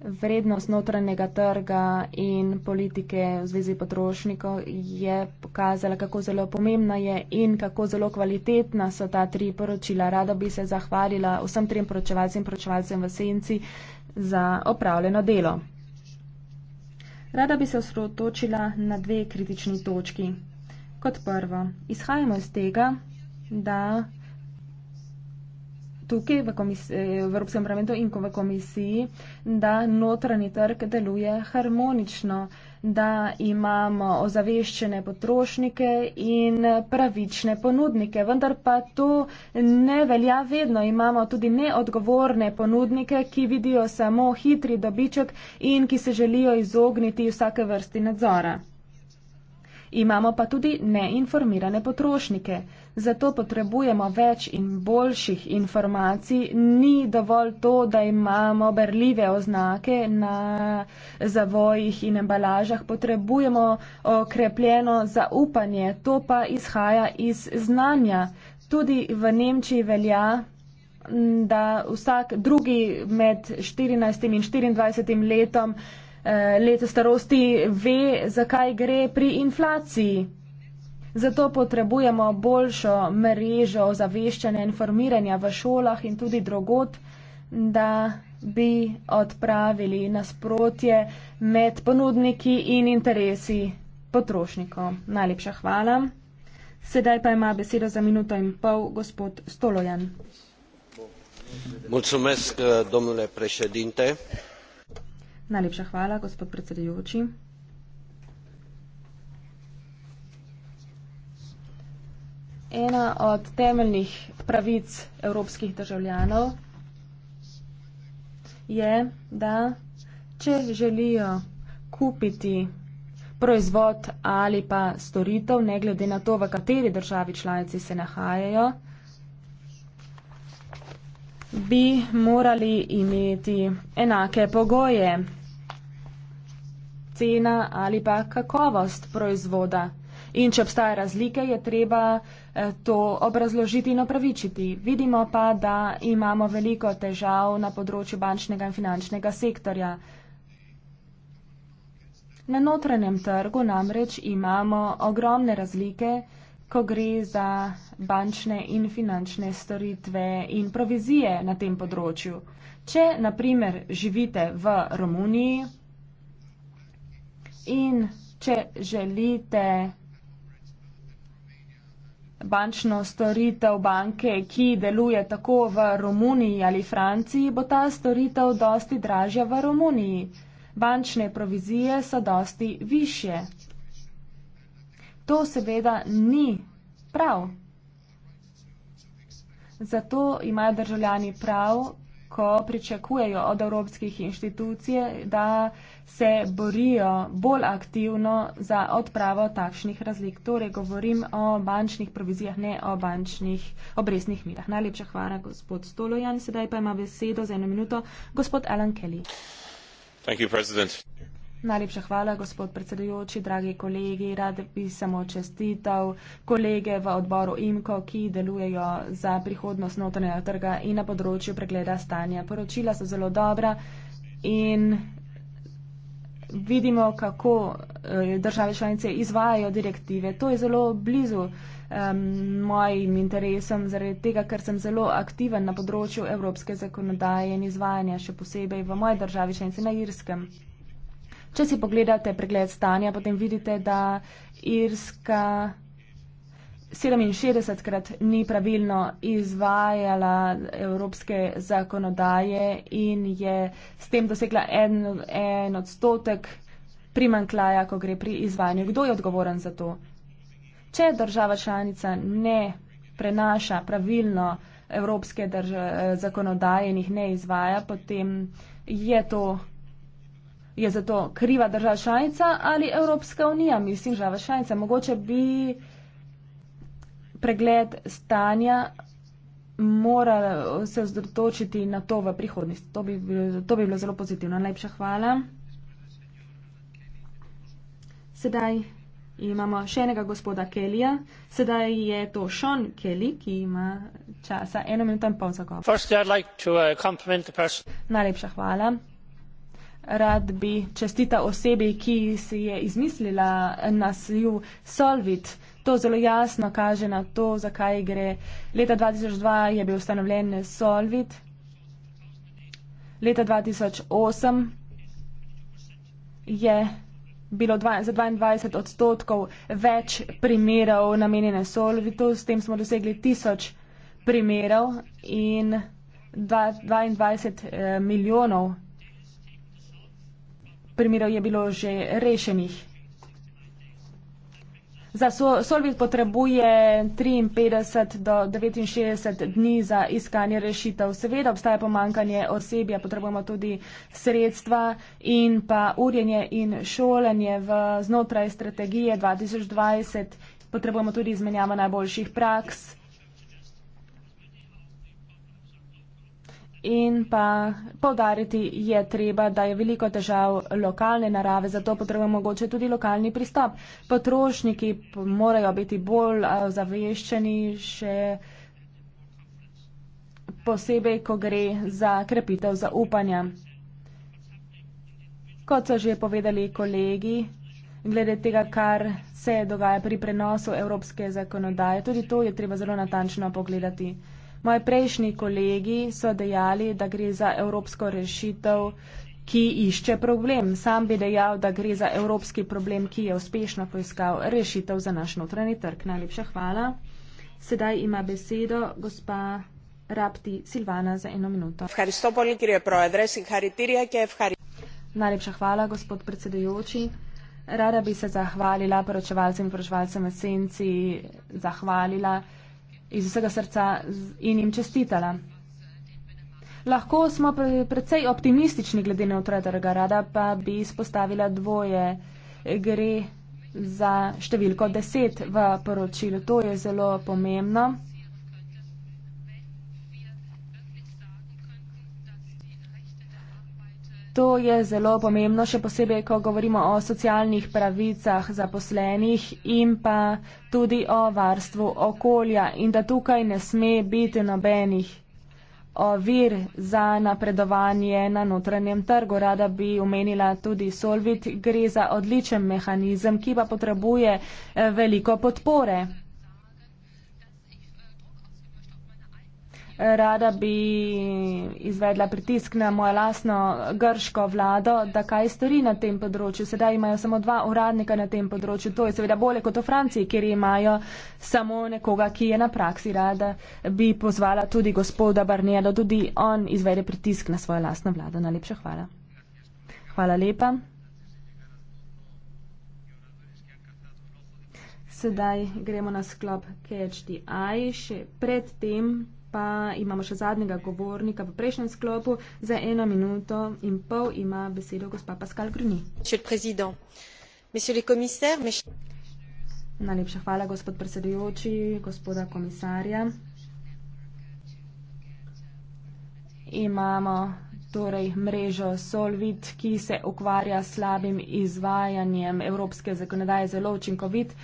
vrednost notranjega trga in politike v zvezi potrošnikov je pokazala, kako zelo pomembna je in kako zelo kvalitetna so ta tri poročila. Rada bi se zahvalila vsem trem poročevalcem in poročevalcem v senci za opravljeno delo. Rada bi se osredotočila na dve kritični točki. Kot prvo, izhajamo iz tega, da tukaj v, komisi, eh, v Evropskem parlamentu in v komisiji, da notranji trg deluje harmonično, da imamo ozaveščene potrošnike in pravične ponudnike. Vendar pa to ne velja vedno. Imamo tudi neodgovorne ponudnike, ki vidijo samo hitri dobiček in ki se želijo izogniti vsake vrsti nadzora. Imamo pa tudi neinformirane potrošnike. Zato potrebujemo več in boljših informacij. Ni dovolj to, da imamo berljive oznake na zavojih in embalažah. Potrebujemo okrepljeno zaupanje. To pa izhaja iz znanja. Tudi v Nemčiji velja da vsak drugi med 14 in 24 letom Eh, leta starosti ve, zakaj gre pri inflaciji. Zato potrebujemo boljšo mrežo zaveščanja informiranja v šolah in tudi drugot, da bi odpravili nasprotje med ponudniki in interesi potrošnikov. Najlepša hvala. Sedaj pa ima besedo za minuto in pol gospod Stolojan.
Mulțumesc, domnule președinte. Uh,
Najlepša hvala, gospod predsedujoči. Ena od temeljnih pravic evropskih državljanov je, da če želijo kupiti proizvod ali pa storitev, ne glede na to, v kateri državi članici se nahajajo, bi morali imeti enake pogoje cena ali pa kakovost proizvoda. In če obstaja razlike, je treba eh, to obrazložiti in opravičiti. Vidimo pa, da imamo veliko težav na področju bančnega in finančnega sektorja. Na notranjem trgu namreč imamo ogromne razlike, ko gre za bančne in finančne storitve in provizije na tem področju. Če, na primer, živite v Romuniji, in če želite bančno storitev banke, ki deluje tako v Romuniji ali Franciji, bo ta storitev dosti dražja v Romuniji. Bančne provizije so dosti više. To seveda ni prav. Zato imajo državljani prav, ko pričakujejo od evropskih inštitucij, da se borijo bolj aktivno za odpravo takšnih razlik. Torej govorim o bančnih provizijah, ne o bančnih obresnih mirah. Najlepša hvala, gospod Stolojan. Sedaj pa ima besedo za eno minuto gospod Alan Kelly. Thank you, President. Najlepša hvala, gospod predsedujoči, dragi kolegi. Rad bi samo čestitev kolege v odboru IMKO, ki delujejo za prihodnost notranjega trga in na področju pregleda stanja. Poročila so zelo dobra in vidimo, kako eh, države članice izvajajo direktive. To je zelo blizu um, mojim interesom, zaradi tega, ker sem zelo aktiven na področju evropske zakonodaje in izvajanja, še posebej v moji državi članice na Irskem. Če si pogledate pregled stanja, potem vidite, da Irska 67krat ni pravilno izvajala evropske zakonodaje in je s tem dosegla en, en odstotek primanklaja, ko gre pri izvajanju. Kdo je odgovoren za to? Če država članica ne prenaša pravilno evropske zakonodaje in jih ne izvaja, potem je to je za to kriva država članica ali Evropska unija, mislim, država članica. Mogoče bi pregled stanja mora se ozdotočiti na to v prihodnosti. To bi bilo, to bi bilo zelo pozitivno. Najlepša hvala. Sedaj imamo še enega gospoda Kelija. Sedaj je to Sean Kelly, ki ima časa eno minuto in pol za govor.
Uh,
Najlepša hvala rad bi čestital osebi, ki si je izmislila nasilju Solvit. To zelo jasno kaže na to, zakaj gre. Leta 2002 je bil ustanovljen Solvit, leta 2008 je bilo za 22 odstotkov več primerov namenjene Solvitu, s tem smo dosegli tisoč primerov in 22 eh, milijonov primerov je bilo že rešenih. Za Solvit potrebuje 53 do 69 dni za iskanje rešitev. Seveda obstaja pomankanje osebja, potrebujemo tudi sredstva in pa urjenje in šolanje v znotraj strategije 2020. Potrebujemo tudi izmenjava najboljših praks. In pa povdariti je treba, da je veliko težav lokalne narave, zato potrebujemo mogoče tudi lokalni pristop. Potrošniki morajo biti bolj zaveščeni, še posebej, ko gre za krepitev zaupanja. Kot so že povedali kolegi, glede tega, kar se dogaja pri prenosu evropske zakonodaje, tudi to je treba zelo natančno pogledati. Moji prejšnji kolegi so dejali, da gre za evropsko rešitev, ki išče problem. Sam bi dejal, da gre za evropski problem, ki je uspešno poiskal rešitev za naš notranji trg. Najlepša hvala. Sedaj ima besedo gospa. Rapti Silvana za eno minuto. Najlepša hvala, gospod predsedujoči. Rada bi se zahvalila poročevalcem in poročevalcem v senci, zahvalila iz vsega srca in jim čestitala. Lahko smo precej optimistični glede neutralnega rada, pa bi izpostavila dvoje. Gre za številko deset v poročilu. To je zelo pomembno. To je zelo pomembno, še posebej, ko govorimo o socialnih pravicah zaposlenih in pa tudi o varstvu okolja in da tukaj ne sme biti nobenih ovir za napredovanje na notranjem trgu. Rada bi omenila tudi Solvit, gre za odličen mehanizem, ki pa potrebuje eh, veliko podpore. rada bi izvedla pritisk na mojo lasno grško vlado, da kaj stori na tem področju. Sedaj imajo samo dva uradnika na tem področju. To je seveda bolje kot v Franciji, kjer imajo samo nekoga, ki je na praksi. Rada bi pozvala tudi gospoda Barnija, da tudi on izvede pritisk na svojo lasno vlado. Najlepša hvala. Hvala lepa. Sedaj gremo na sklop Catch the Eye. Še pred tem pa imamo še zadnjega govornika v prejšnjem sklopu. Za eno minuto in pol ima besedo gospa Pascal Gruni. Najlepša hvala, gospod predsedujoči, gospoda komisarja. Imamo torej mrežo Solvit, ki se ukvarja s slabim izvajanjem evropske zakonodaje, zelo učinkovit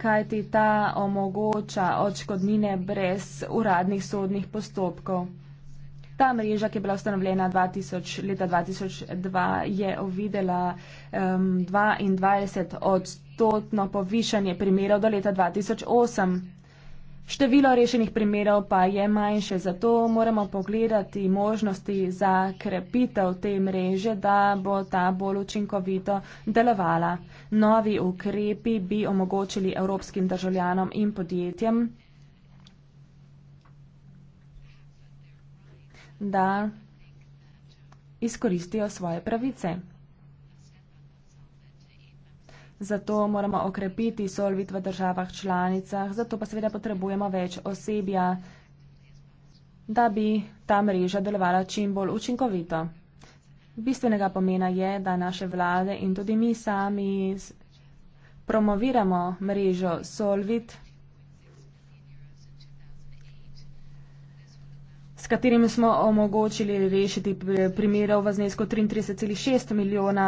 kaj ti ta omogoča odškodnine brez uradnih sodnih postopkov. Ta mreža, ki je bila ustanovljena 2000, leta 2002, je uvidela um, 22 odstotno povišanje primerov do leta 2008. Število rešenih primerov pa je manjše, zato moramo pogledati možnosti za krepitev te mreže, da bo ta bolj učinkovito delovala. Novi ukrepi bi omogočili evropskim državljanom in podjetjem, da izkoristijo svoje pravice. Zato moramo okrepiti solvit v državah članicah, zato pa seveda potrebujemo več osebja, da bi ta mreža delovala čim bolj učinkovito. Bistvenega pomena je, da naše vlade in tudi mi sami promoviramo mrežo solvit. s katerim smo omogočili rešiti primerov v znesku 33,6 milijona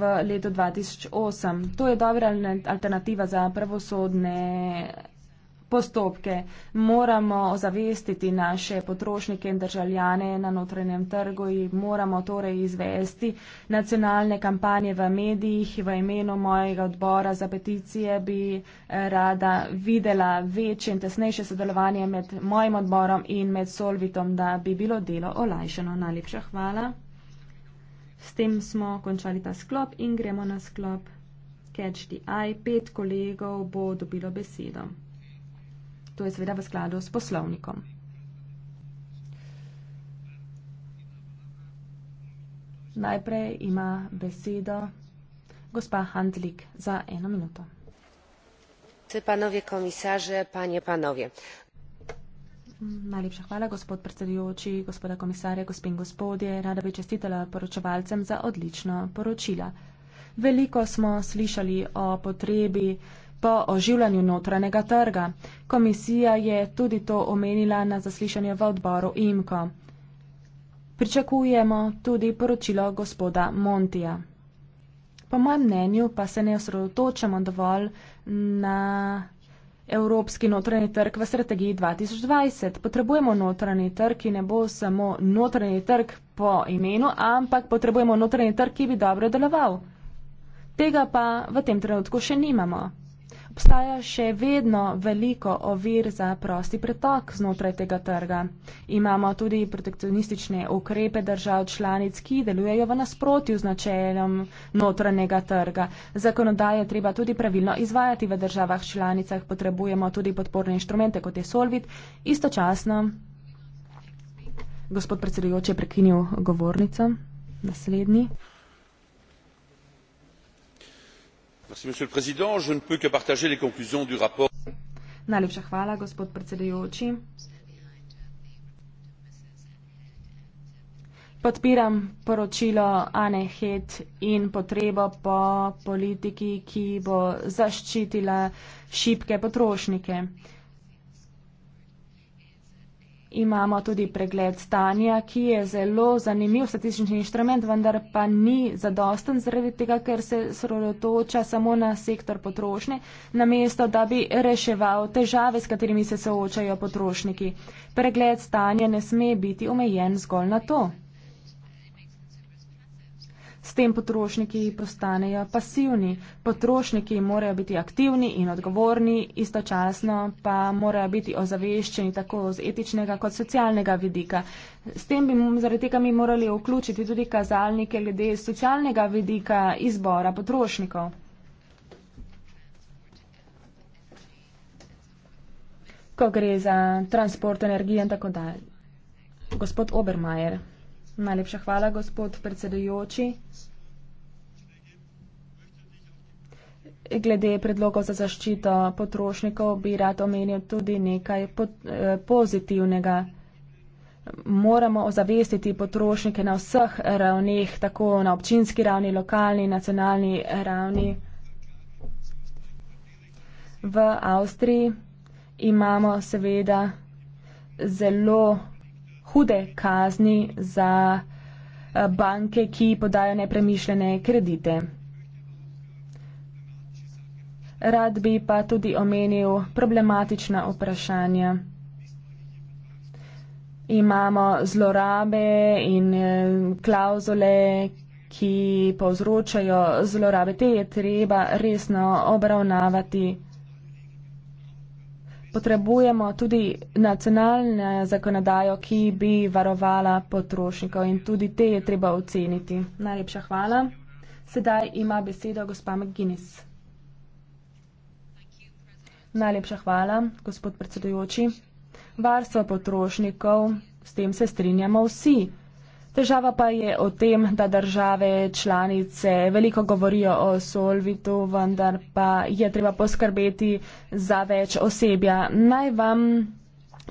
v letu 2008. To je dobra alternativa za pravosodne postopke. Moramo ozavestiti naše potrošnike in državljane na notranjem trgu in moramo torej izvesti nacionalne kampanje v medijih. V imenu mojega odbora za peticije bi eh, rada videla večje in tesnejše sodelovanje med mojim odborom in med Solvitom, da bi bilo delo olajšano. Najlepša hvala. S tem smo končali ta sklop in gremo na sklop. Catch the eye, pet kolegov bo dobilo besedo. To je seveda v skladu s poslovnikom. Najprej ima besedo gospa Handlik za eno minuto.
Panovje komisarze, panie panovje.
Najlepša hvala, gospod predsedujoči, gospoda komisarja, gospe in gospodje. Rada bi čestitela poročevalcem za odlično poročila. Veliko smo slišali o potrebi po oživljanju notranjega trga. Komisija je tudi to omenila na zaslišanju v odboru IMKO. Pričakujemo tudi poročilo gospoda Montija. Po mojem mnenju pa se ne osredotočamo dovolj na evropski notranji trg v strategiji 2020. Potrebujemo notranji trg, ki ne bo samo notranji trg po imenu, ampak potrebujemo notranji trg, ki bi dobro deloval. Tega pa v tem trenutku še nimamo obstaja še vedno veliko ovir za prosti pretok znotraj tega trga. Imamo tudi protekcionistične ukrepe držav članic, ki delujejo v nasprotju z načeljem notranjega trga. Zakonodaje treba tudi pravilno izvajati v državah članicah, potrebujemo tudi podporne inštrumente, kot je Solvit. Istočasno, gospod predsedujoče, prekinil govornico. Naslednji.
monsieur le président je ne peux que partager les conclusions du rapport
Podpiram poročilo Ane Het in potrebo po politiki, ki bo zaščitila šibke potrošnike imamo tudi pregled stanja, ki je zelo zanimiv statistični inštrument, vendar pa ni zadosten zaradi tega, ker se sredotoča samo na sektor potrošnje, namesto da bi reševal težave, s katerimi se soočajo potrošniki. Pregled stanja ne sme biti omejen zgolj na to. S tem potrošniki postanejo pasivni, potrošniki morajo biti aktivni in odgovorni, istočasno pa morajo biti ozaveščeni tako z etičnega kot socialnega vidika. S tem bi zaradi tega mi morali vključiti tudi kazalnike glede socialnega vidika izbora potrošnikov. Ko gre za transport energije in tako dalje. Gospod Obermajer. Najlepša hvala, gospod predsedujoči. Glede predlogov za zaščito potrošnikov bi rad omenil tudi nekaj eh, pozitivnega. Moramo ozavestiti potrošnike na vseh ravneh, tako na občinski ravni, lokalni, nacionalni ravni. V Avstriji imamo seveda zelo hude kazni za eh, banke, ki podajo nepremišljene kredite. Rad bi pa tudi omenil problematična vprašanja. Imamo zlorabe in eh, klauzule, ki povzročajo zlorabe. Te je treba resno obravnavati potrebujemo tudi nacionalne zakonodajo, ki bi varovala potrošnikov in tudi te je treba oceniti. Najlepša hvala. Sedaj ima besedo gospa McGuinness. Najlepša hvala, gospod predsedujoči. Varstvo potrošnikov, s tem se strinjamo vsi. Težava pa je o tem, da države članice veliko govorijo o solvitu, vendar pa je treba poskrbeti za več osebja. Naj vam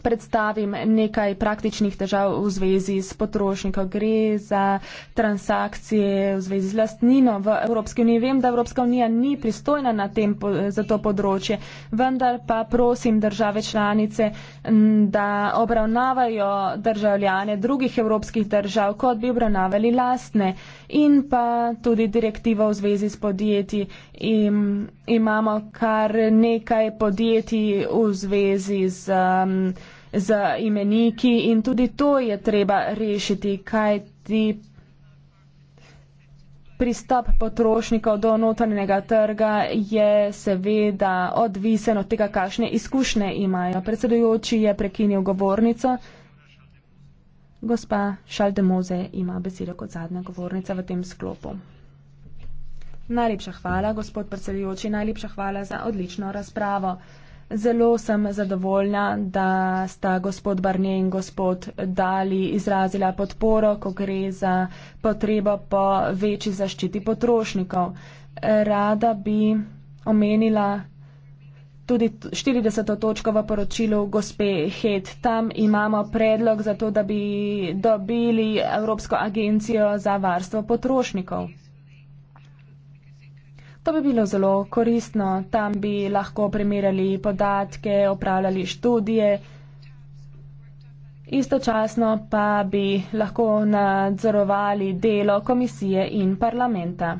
predstavim nekaj praktičnih težav v zvezi s potrošnikom. Gre za transakcije v zvezi z lastnino v Evropski uniji. Vem, da Evropska unija ni pristojna tem, za to področje, vendar pa prosim države članice, da obravnavajo državljane drugih evropskih držav, kot bi obravnavali lastne. In pa tudi direktiva v zvezi s podjetji. In imamo kar nekaj podjetij v zvezi z um, z imeniki in tudi to je treba rešiti, kaj ti pristop potrošnikov do notranjega trga je seveda odvisen od tega, kakšne izkušnje imajo. Predsedujoči je prekinil govornico. Gospa Šaldemoze ima besedo kot zadnja govornica v tem sklopu. Najlepša hvala, gospod predsedujoči, najlepša hvala za odlično razpravo. Zelo sem zadovoljna, da sta gospod Barnje in gospod Dali izrazila podporo, ko gre za potrebo po večji zaščiti potrošnikov. Rada bi omenila tudi 40. točko v poročilu gospe Het. Tam imamo predlog za to, da bi dobili Evropsko agencijo za varstvo potrošnikov. To bi bilo zelo koristno, tam bi lahko primerjali podatke, opravljali študije, istočasno pa bi lahko nadzorovali delo komisije in parlamenta.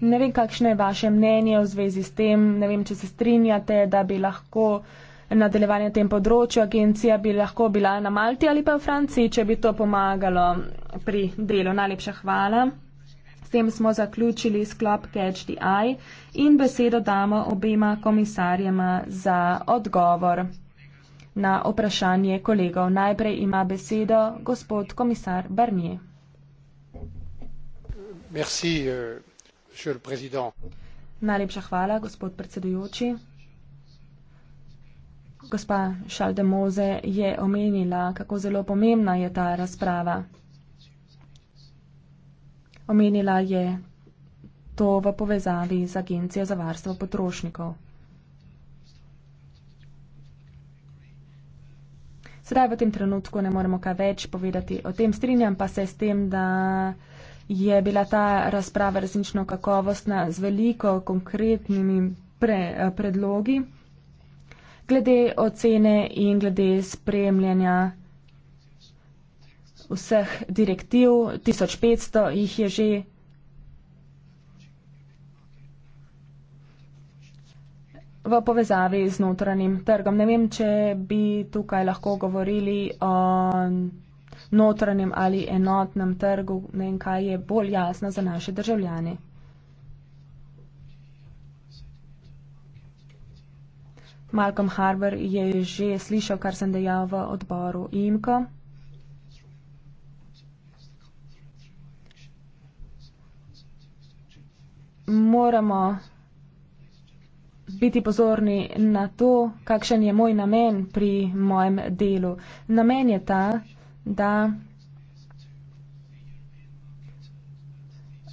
Ne vem, kakšno je vaše mnenje v zvezi s tem, ne vem, če se strinjate, da bi lahko nadaljevanje tem področju agencija bi lahko bila na Malti ali pa v Franciji, če bi to pomagalo pri delu. Najlepša hvala tem smo zaključili sklop Catch the Eye in besedo damo obema komisarjema za odgovor na vprašanje kolegov. Najprej ima besedo gospod komisar Barnier.
Merci, euh, monsieur le président.
Najlepša hvala, gospod predsedujoči. Gospa Šaldemoze je omenila, kako zelo pomembna je ta razprava. Omenila je to v povezavi z Agencijo za varstvo potrošnikov. Sedaj v tem trenutku ne moremo kaj več povedati o tem. Strinjam pa se s tem, da je bila ta razprava resnično kakovostna z veliko konkretnimi pre, eh, predlogi glede ocene in glede spremljanja vseh direktiv, 1500 jih je že. v povezavi z notranjim trgom. Ne vem, če bi tukaj lahko govorili o notranjem ali enotnem trgu, ne vem, kaj je bolj jasno za naše državljane. Malcolm Harbour je že slišal, kar sem dejal v odboru IMKO. moramo biti pozorni na to, kakšen je moj namen pri mojem delu. Namen je ta, da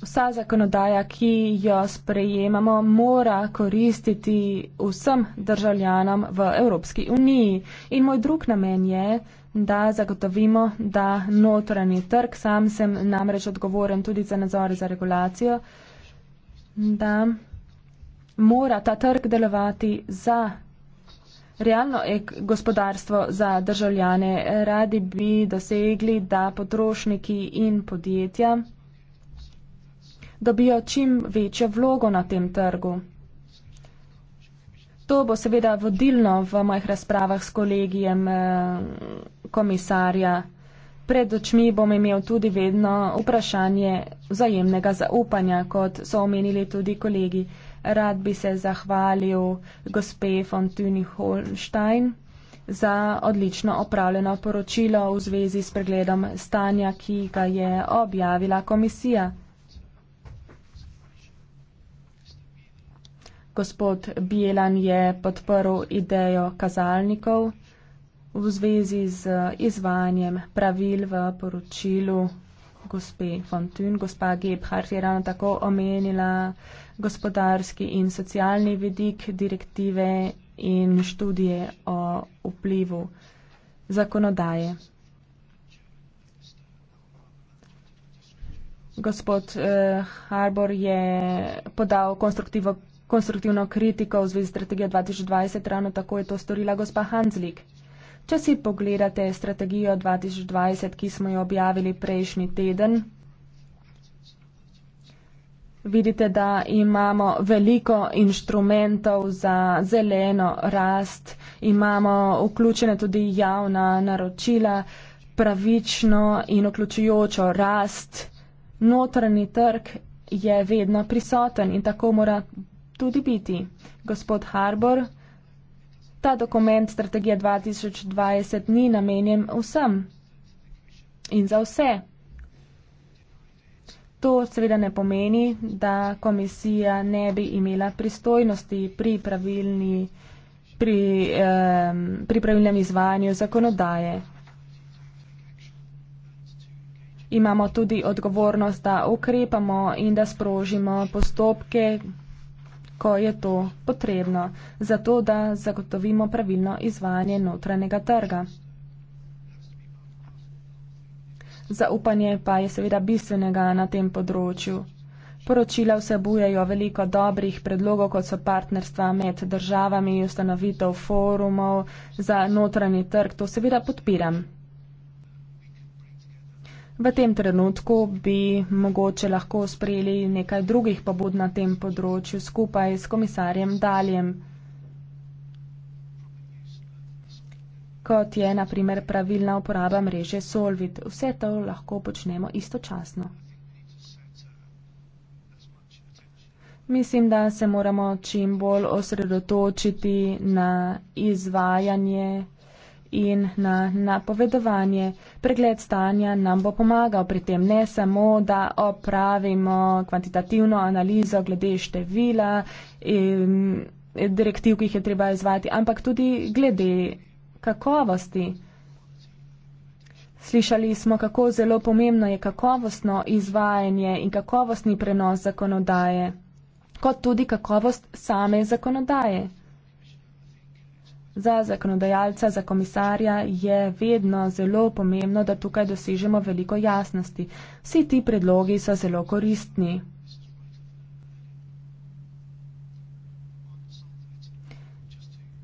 vsa zakonodaja, ki jo sprejemamo, mora koristiti vsem državljanom v Evropski uniji. In moj drug namen je, da zagotovimo, da notranji trg, sam sem namreč odgovoren tudi za nadzore za regulacijo, da mora ta trg delovati za realno gospodarstvo, za državljane. Radi bi dosegli, da potrošniki in podjetja dobijo čim večjo vlogo na tem trgu. To bo seveda vodilno v mojih razpravah s kolegijem eh, komisarja. Pred očmi bom imel tudi vedno vprašanje vzajemnega zaupanja, kot so omenili tudi kolegi. Rad bi se zahvalil gospe Fontuni Holstein za odlično opravljeno poročilo v zvezi s pregledom stanja, ki ga je objavila komisija. Gospod Bielan je podporil idejo kazalnikov v zvezi z izvajanjem pravil v poročilu gospe Fontun. Gospa Gebhardt je ravno tako omenila gospodarski in socialni vidik direktive in študije o vplivu zakonodaje. Gospod eh, Harbor je podal konstruktivno kritiko v zvezi s strategijo 2020, ravno tako je to storila gospa Hanslik. Če si pogledate strategijo 2020, ki smo jo objavili prejšnji teden, vidite, da imamo veliko inštrumentov za zeleno rast, imamo vključene tudi javna naročila, pravično in vključujočo rast. Notranji trg je vedno prisoten in tako mora tudi biti. Gospod Harbor, ta dokument strategija 2020 ni namenjen vsem in za vse. To seveda ne pomeni, da komisija ne bi imela pristojnosti pri, pravilni, pri, eh, pri pravilnem izvajanju zakonodaje. Imamo tudi odgovornost, da ukrepamo in da sprožimo postopke, ko je to potrebno, zato da zagotovimo pravilno izvajanje notranjega trga. Zaupanje pa je seveda bistvenega na tem področju. Poročila vsebujejo veliko dobrih predlogov, kot so partnerstva med državami, ustanovitev forumov za notranji trg. To seveda podpiram. V tem trenutku bi mogoče lahko sprejeli nekaj drugih pobud na tem področju skupaj s komisarjem Daljem, kot je naprimer pravilna uporaba mreže Solvit. Vse to lahko počnemo istočasno. Mislim, da se moramo čim bolj osredotočiti na izvajanje in na napovedovanje. Pregled stanja nam bo pomagal pri tem, ne samo, da opravimo kvantitativno analizo glede števila in direktiv, ki jih je treba izvati, ampak tudi glede kakovosti. Slišali smo, kako zelo pomembno je kakovostno izvajanje in kakovostni prenos zakonodaje, kot tudi kakovost same zakonodaje. Za zakonodajalca, za komisarja je vedno zelo pomembno, da tukaj dosežemo veliko jasnosti. Vsi ti predlogi so zelo koristni.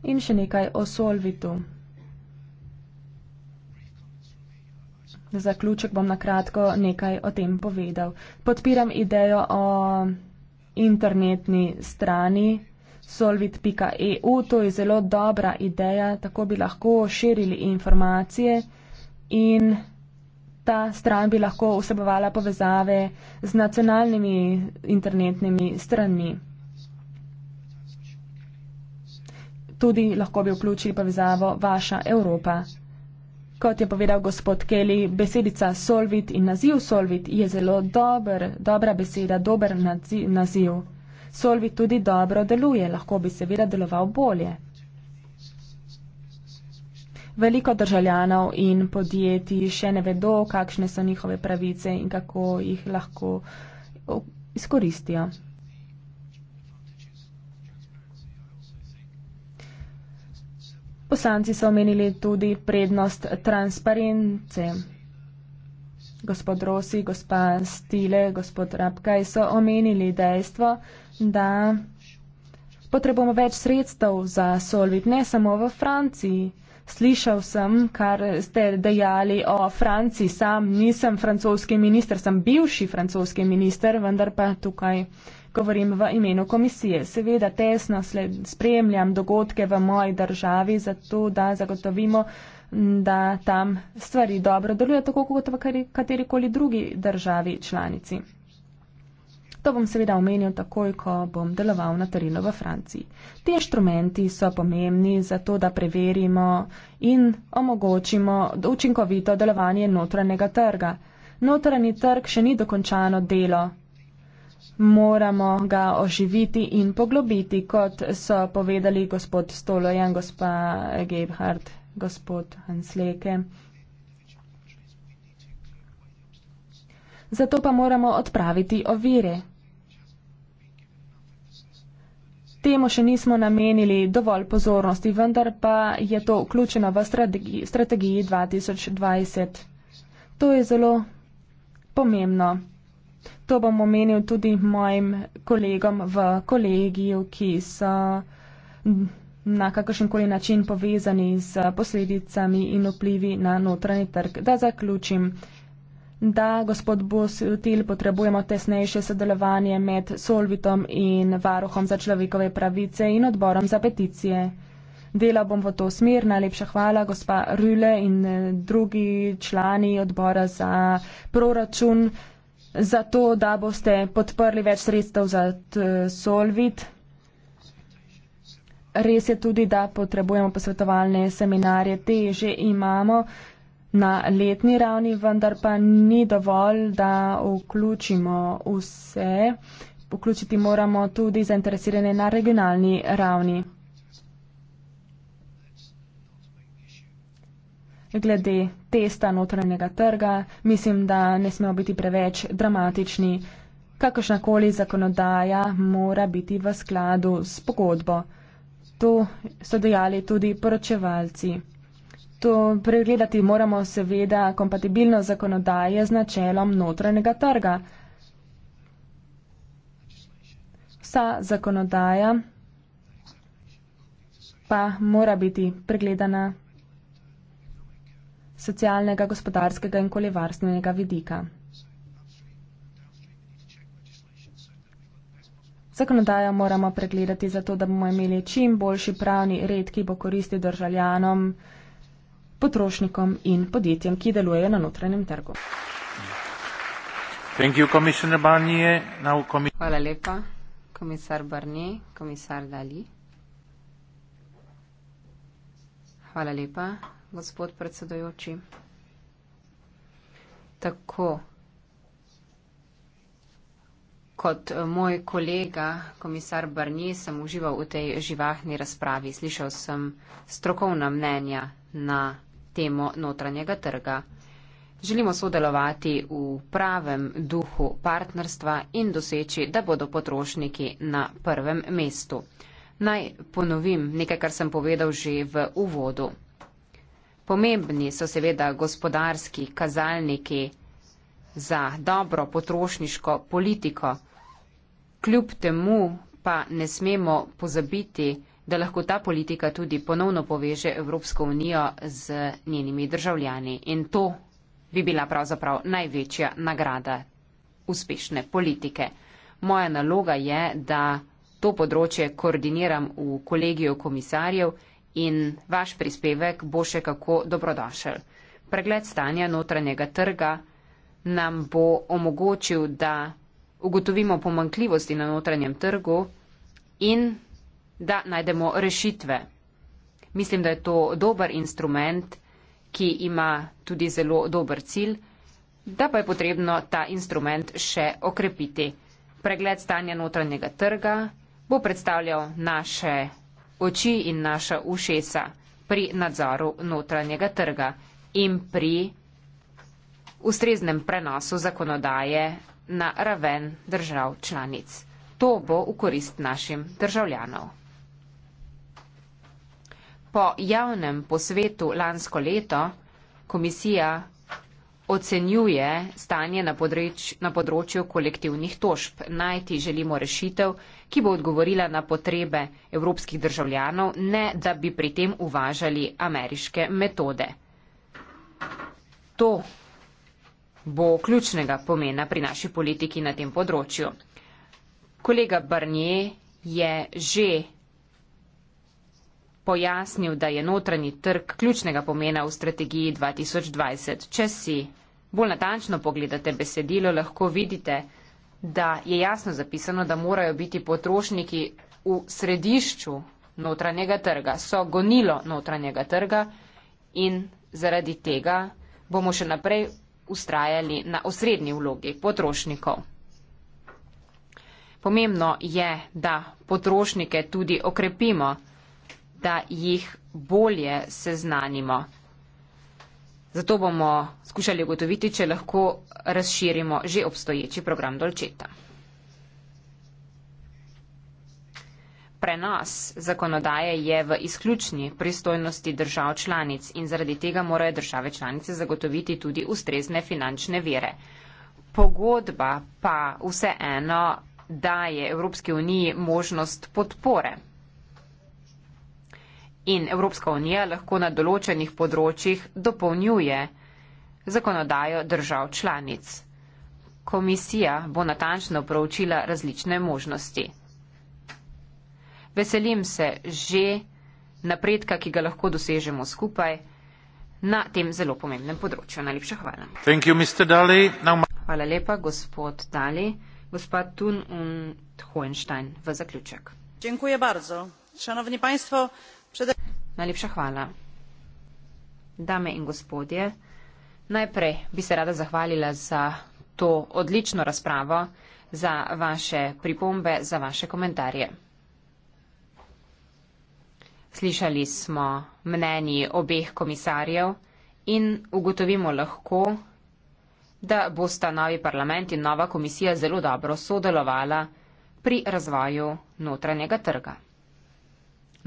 In še nekaj o Solvitu. Za zaključek bom na kratko nekaj o tem povedal. Podpiram idejo o internetni strani solvit.eu. To je zelo dobra ideja, tako bi lahko širili informacije in ta stran bi lahko vsebovala povezave z nacionalnimi internetnimi stranmi. Tudi lahko bi vključili povezavo Vaša Evropa. Kot je povedal gospod Kelly, besedica solvit in naziv solvit je zelo dober, dobra beseda, dober naziv. naziv. Sol bi tudi dobro deluje, lahko bi seveda deloval bolje. Veliko državljanov in podjetij še ne vedo, kakšne so njihove pravice in kako jih lahko izkoristijo. Poslanci so omenili tudi prednost transparence. Gospod Rosi, gospa Stile, gospod Rabkaj so omenili dejstvo, da potrebujemo več sredstev za Solvit, ne samo v Franciji. Slišal sem, kar ste dejali o Franciji. Sam nisem francoski minister, sem bivši francoski minister, vendar pa tukaj govorim v imenu komisije. Seveda tesno sled, spremljam dogodke v moji državi, zato da zagotovimo, da tam stvari dobro delujejo, tako kot v katerikoli drugi državi članici to bom seveda omenil takoj, ko bom deloval na terenu v Franciji. Ti inštrumenti so pomembni za to, da preverimo in omogočimo učinkovito delovanje notranjega trga. Notranji trg še ni dokončano delo. Moramo ga oživiti in poglobiti, kot so povedali gospod Stolojan, gospa Gebhardt, gospod Hansleke. Zato pa moramo odpraviti ovire. temu še nismo namenili dovolj pozornosti, vendar pa je to vključeno v strategiji, strategiji 2020. To je zelo pomembno. To bom omenil tudi mojim kolegom v kolegiju, ki so na kakršen koli način povezani z posledicami in vplivi na notranji trg. Da zaključim da, gospod Bosutil, potrebujemo tesnejše sodelovanje med Solvitom in Varuhom za človekove pravice in odborom za peticije. Dela bom v to smer. Najlepša hvala, gospa Rüle in eh, drugi člani odbora za proračun, za to, da boste podprli več sredstev za Solvit. Res je tudi, da potrebujemo posvetovalne seminarje, te že imamo na letni ravni, vendar pa ni dovolj, da vključimo vse. Vključiti moramo tudi zainteresirane na regionalni ravni. Glede testa notranjega trga, mislim, da ne smemo biti preveč dramatični. Kakršnakoli zakonodaja mora biti v skladu s pogodbo. To so dejali tudi poročevalci. To pregledati moramo seveda kompatibilno zakonodaje z načelom notranjega trga. Vsa zakonodaja pa mora biti pregledana socialnega, gospodarskega in kolevarstvenega vidika. Zakonodajo moramo pregledati zato, da bomo imeli čim boljši pravni red, ki bo koristil državljanom potrošnikom in podjetjem, ki delujejo na notranjem trgu.
Hvala lepa, komisar Barni, komisar Dali. Hvala lepa, gospod predsedojoči. Tako kot eh, moj kolega, komisar Barni, sem užival v tej živahni razpravi. Slišal sem strokovna mnenja na sistemu notranjega trga. Želimo sodelovati v pravem duhu partnerstva in doseči, da bodo potrošniki na prvem mestu. Naj ponovim nekaj, kar sem povedal že v uvodu. Pomembni so seveda gospodarski kazalniki za dobro potrošniško politiko. Kljub temu pa ne smemo pozabiti, da lahko ta politika tudi ponovno poveže Evropsko unijo z njenimi državljani. In to bi bila pravzaprav največja nagrada uspešne politike. Moja naloga je, da to področje koordiniram v kolegiju komisarjev in vaš prispevek bo še kako dobrodošel. Pregled stanja notranjega trga nam bo omogočil, da ugotovimo pomankljivosti na notranjem trgu in da najdemo rešitve. Mislim, da je to dober instrument, ki ima tudi zelo dober cilj, da pa je potrebno ta instrument še okrepiti. Pregled stanja notranjega trga bo predstavljal naše oči in naša ušesa pri nadzoru notranjega trga in pri ustreznem prenosu zakonodaje na raven držav članic. To bo v korist našim državljanov. Po javnem posvetu lansko leto komisija ocenjuje stanje na, podreč, na področju kolektivnih tožb. Najti želimo rešitev, ki bo odgovorila na potrebe evropskih državljanov, ne da bi pri tem uvažali ameriške metode. To bo ključnega pomena pri naši politiki na tem področju. Kolega Barnier je že pojasnil, da je notranji trg ključnega pomena v strategiji 2020. Če si bolj natančno pogledate besedilo, lahko vidite, da je jasno zapisano, da morajo biti potrošniki v središču notranjega trga, so gonilo notranjega trga in zaradi tega bomo še naprej ustrajali na osrednji vlogi potrošnikov. Pomembno je, da potrošnike tudi okrepimo da jih bolje seznanimo. Zato bomo skušali ugotoviti, če lahko razširimo že obstoječi program Dolčeta. Prenos zakonodaje je v izključni pristojnosti držav članic in zaradi tega morajo države članice zagotoviti tudi ustrezne finančne vire. Pogodba pa vseeno daje Evropski uniji možnost podpore in Evropska unija lahko na določenih področjih dopolnjuje zakonodajo držav članic. Komisija bo natančno proučila različne možnosti. Veselim se že napredka, ki ga lahko dosežemo skupaj na tem zelo pomembnem področju. Najlepša hvala. You, hvala lepa, gospod Dali. Gospa Tun und Hohenstein v zaključek. Dziękuję bardzo. Szanowni Państwo, Najlepša hvala. Dame in gospodje, najprej bi se rada zahvalila za to odlično razpravo, za vaše pripombe, za vaše komentarje. Slišali smo mnenji obeh komisarjev in ugotovimo lahko, da bosta novi parlament in nova komisija zelo dobro sodelovala pri razvoju notranjega trga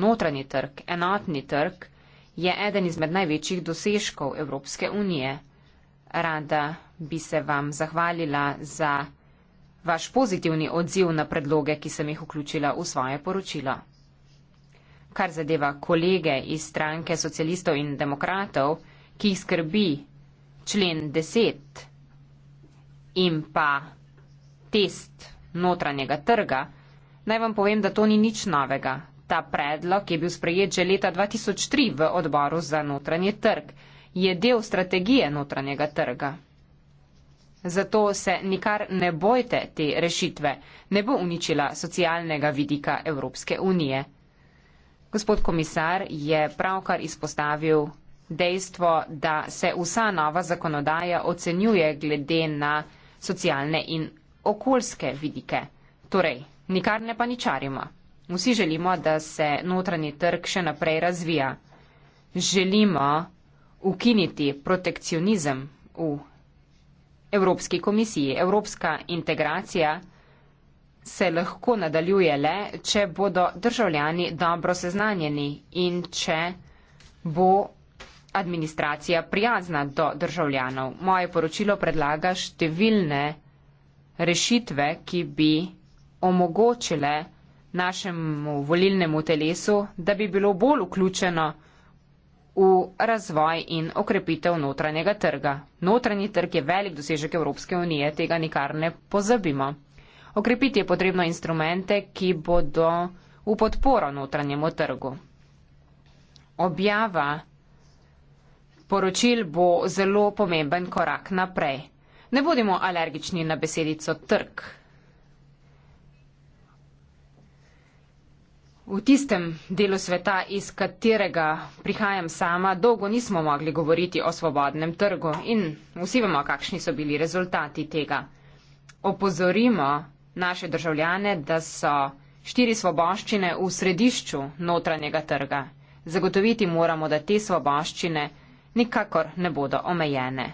notranji trg, enotni trg, je eden izmed največjih dosežkov Evropske unije. Rada bi se vam zahvalila za vaš pozitivni odziv na predloge, ki sem jih vključila v svoje poročilo. Kar zadeva kolege iz stranke socialistov in demokratov, ki jih skrbi člen 10 in pa test notranjega trga, naj vam povem, da to ni nič novega, Ta predlog je bil sprejet že leta 2003 v odboru za notranje trg. Je del strategije notranjega trga. Zato se nikar ne bojte te rešitve, ne bo uničila socialnega vidika Evropske unije. Gospod komisar je pravkar izpostavil dejstvo, da se vsa nova zakonodaja ocenjuje glede na socialne in okoljske vidike. Torej, nikar ne paničarimo. Vsi želimo, da se notranji trg še naprej razvija. Želimo ukiniti protekcionizem v Evropski komisiji. Evropska integracija se lahko nadaljuje le, če bodo državljani dobro seznanjeni in če bo administracija prijazna do državljanov. Moje poročilo predlaga številne rešitve, ki bi omogočile, našemu volilnemu telesu, da bi bilo bolj vključeno v razvoj in okrepitev notranjega trga. Notranji trg je velik dosežek Evropske unije, tega nikar ne pozabimo. Okrepiti je potrebno instrumente, ki bodo v podporo notranjemu trgu. Objava poročil bo zelo pomemben korak naprej. Ne bodimo alergični na besedico trg. V tistem delu sveta, iz katerega prihajam sama, dolgo nismo mogli govoriti o svobodnem trgu in vsi vemo, kakšni so bili rezultati tega. Opozorimo naše državljane, da so štiri svoboščine v središču notranjega trga. Zagotoviti moramo, da te svoboščine nikakor ne bodo omejene.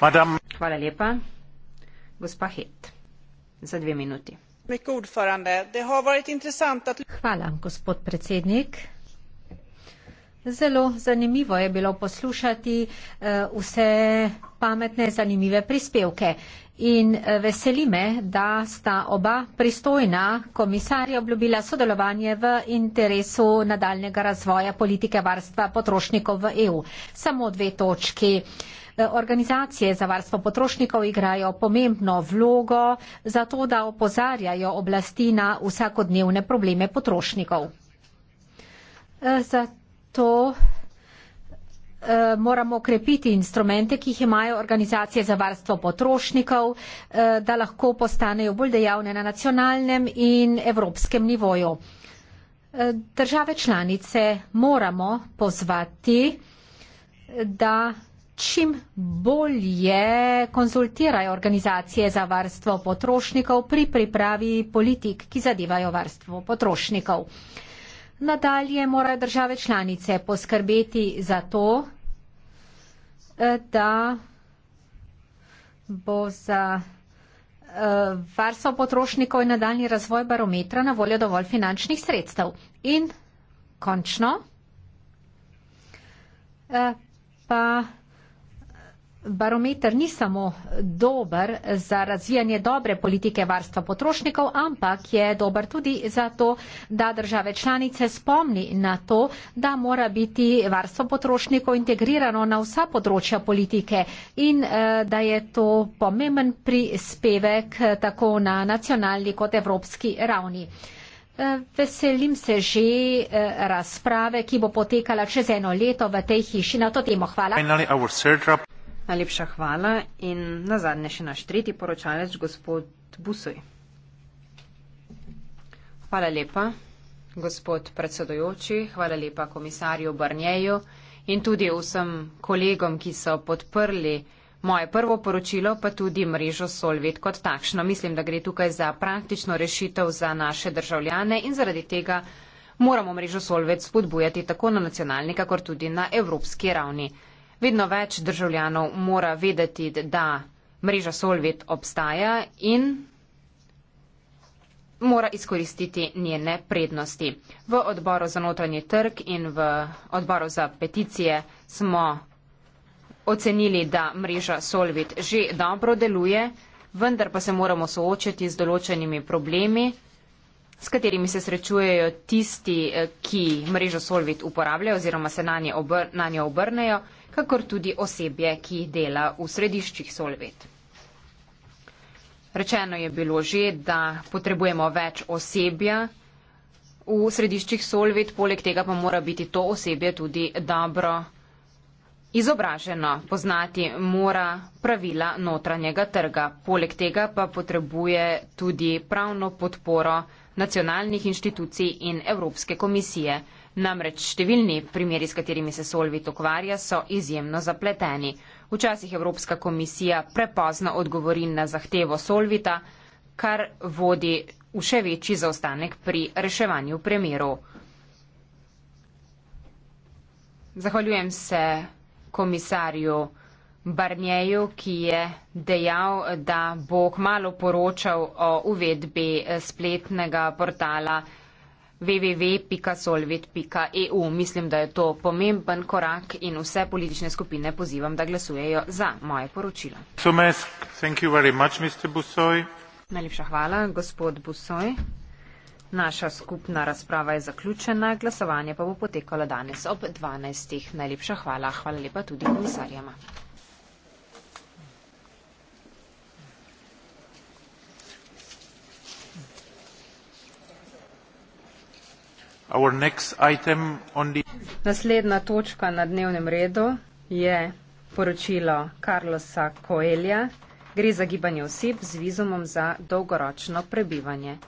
Madame. Hvala lepa. Gospa Het, za dve minuti.
Hvala, gospod predsednik. Zelo zanimivo je bilo poslušati eh, vse pametne, zanimive prispevke. In eh, veseli me, da sta oba pristojna komisarja obljubila sodelovanje v interesu nadaljnega razvoja politike varstva potrošnikov v EU. Samo dve točki. Eh, organizacije za varstvo potrošnikov igrajo pomembno vlogo za to, da opozarjajo oblasti na vsakodnevne probleme potrošnikov. Eh, zato eh, moramo okrepiti instrumente, ki jih imajo organizacije za varstvo potrošnikov, da lahko postanejo bolj dejavne na nacionalnem in evropskem nivoju. Države članice moramo pozvati, da čim bolje konzultirajo organizacije za varstvo potrošnikov pri pripravi politik, ki zadevajo varstvo potrošnikov. Nadalje morajo države članice poskrbeti za to, eh, da bo za eh, varstvo potrošnikov in nadaljni razvoj barometra na voljo dovolj finančnih sredstev. In končno eh, pa barometer ni samo dober za razvijanje dobre politike varstva potrošnikov, ampak je dober tudi za to, da države članice spomni na to, da mora biti varstvo potrošnikov integrirano na vsa področja politike in eh, da je to pomemben prispevek eh, tako na nacionalni kot evropski ravni. Eh, veselim se že razprave, ki bo potekala čez eno leto v tej hiši na to temo. Hvala. Finally, Najlepša hvala in na zadnje še naš tretji poročalec, gospod Busoj.
Hvala lepa, gospod predsedojoči, hvala lepa komisarju Barnjeju in tudi vsem kolegom, ki so podprli moje prvo poročilo, pa tudi mrežo Solvit kot takšno. Mislim, da gre tukaj za praktično rešitev za naše državljane in zaradi tega moramo mrežo Solvit spodbujati tako na nacionalni, kakor tudi na evropski ravni. Vedno več državljanov mora vedeti, da mreža Solvit obstaja in mora izkoristiti njene prednosti. V odboru za notranji trg in v odboru za peticije smo ocenili, da mreža Solvit že dobro deluje, vendar pa se moramo soočiti z določenimi problemi, s katerimi se srečujejo tisti, eh, ki mrežo Solvit uporabljajo oziroma se na njo obrnejo kakor tudi osebje, ki dela v središčih Solvet. Rečeno je bilo že, da potrebujemo več osebja v središčih Solvet, poleg tega pa mora biti to osebje tudi dobro izobraženo, poznati mora pravila notranjega trga. Poleg tega pa potrebuje tudi pravno podporo nacionalnih inštitucij in Evropske komisije. Namreč številni primeri, s katerimi se Solvit ukvarja, so izjemno zapleteni. Včasih Evropska komisija prepozno odgovori na zahtevo Solvita, kar vodi v še večji zaostanek pri reševanju premirov. Zahvaljujem se komisarju Barnjeju, ki je dejal, da bo kmalo poročal o uvedbi spletnega portala www.solvit.eu. Mislim, da je to pomemben korak in vse politične skupine pozivam, da glasujejo za moje
poročilo. Much,
Najlepša hvala, gospod Busoj. Naša skupna razprava je zaključena, glasovanje pa bo potekalo danes ob 12. Najlepša hvala, hvala lepa tudi komisarjama. Naslednja točka na dnevnem redu je poročilo Carlosa Coelja. Gre za gibanje oseb z vizumom za dolgoročno prebivanje.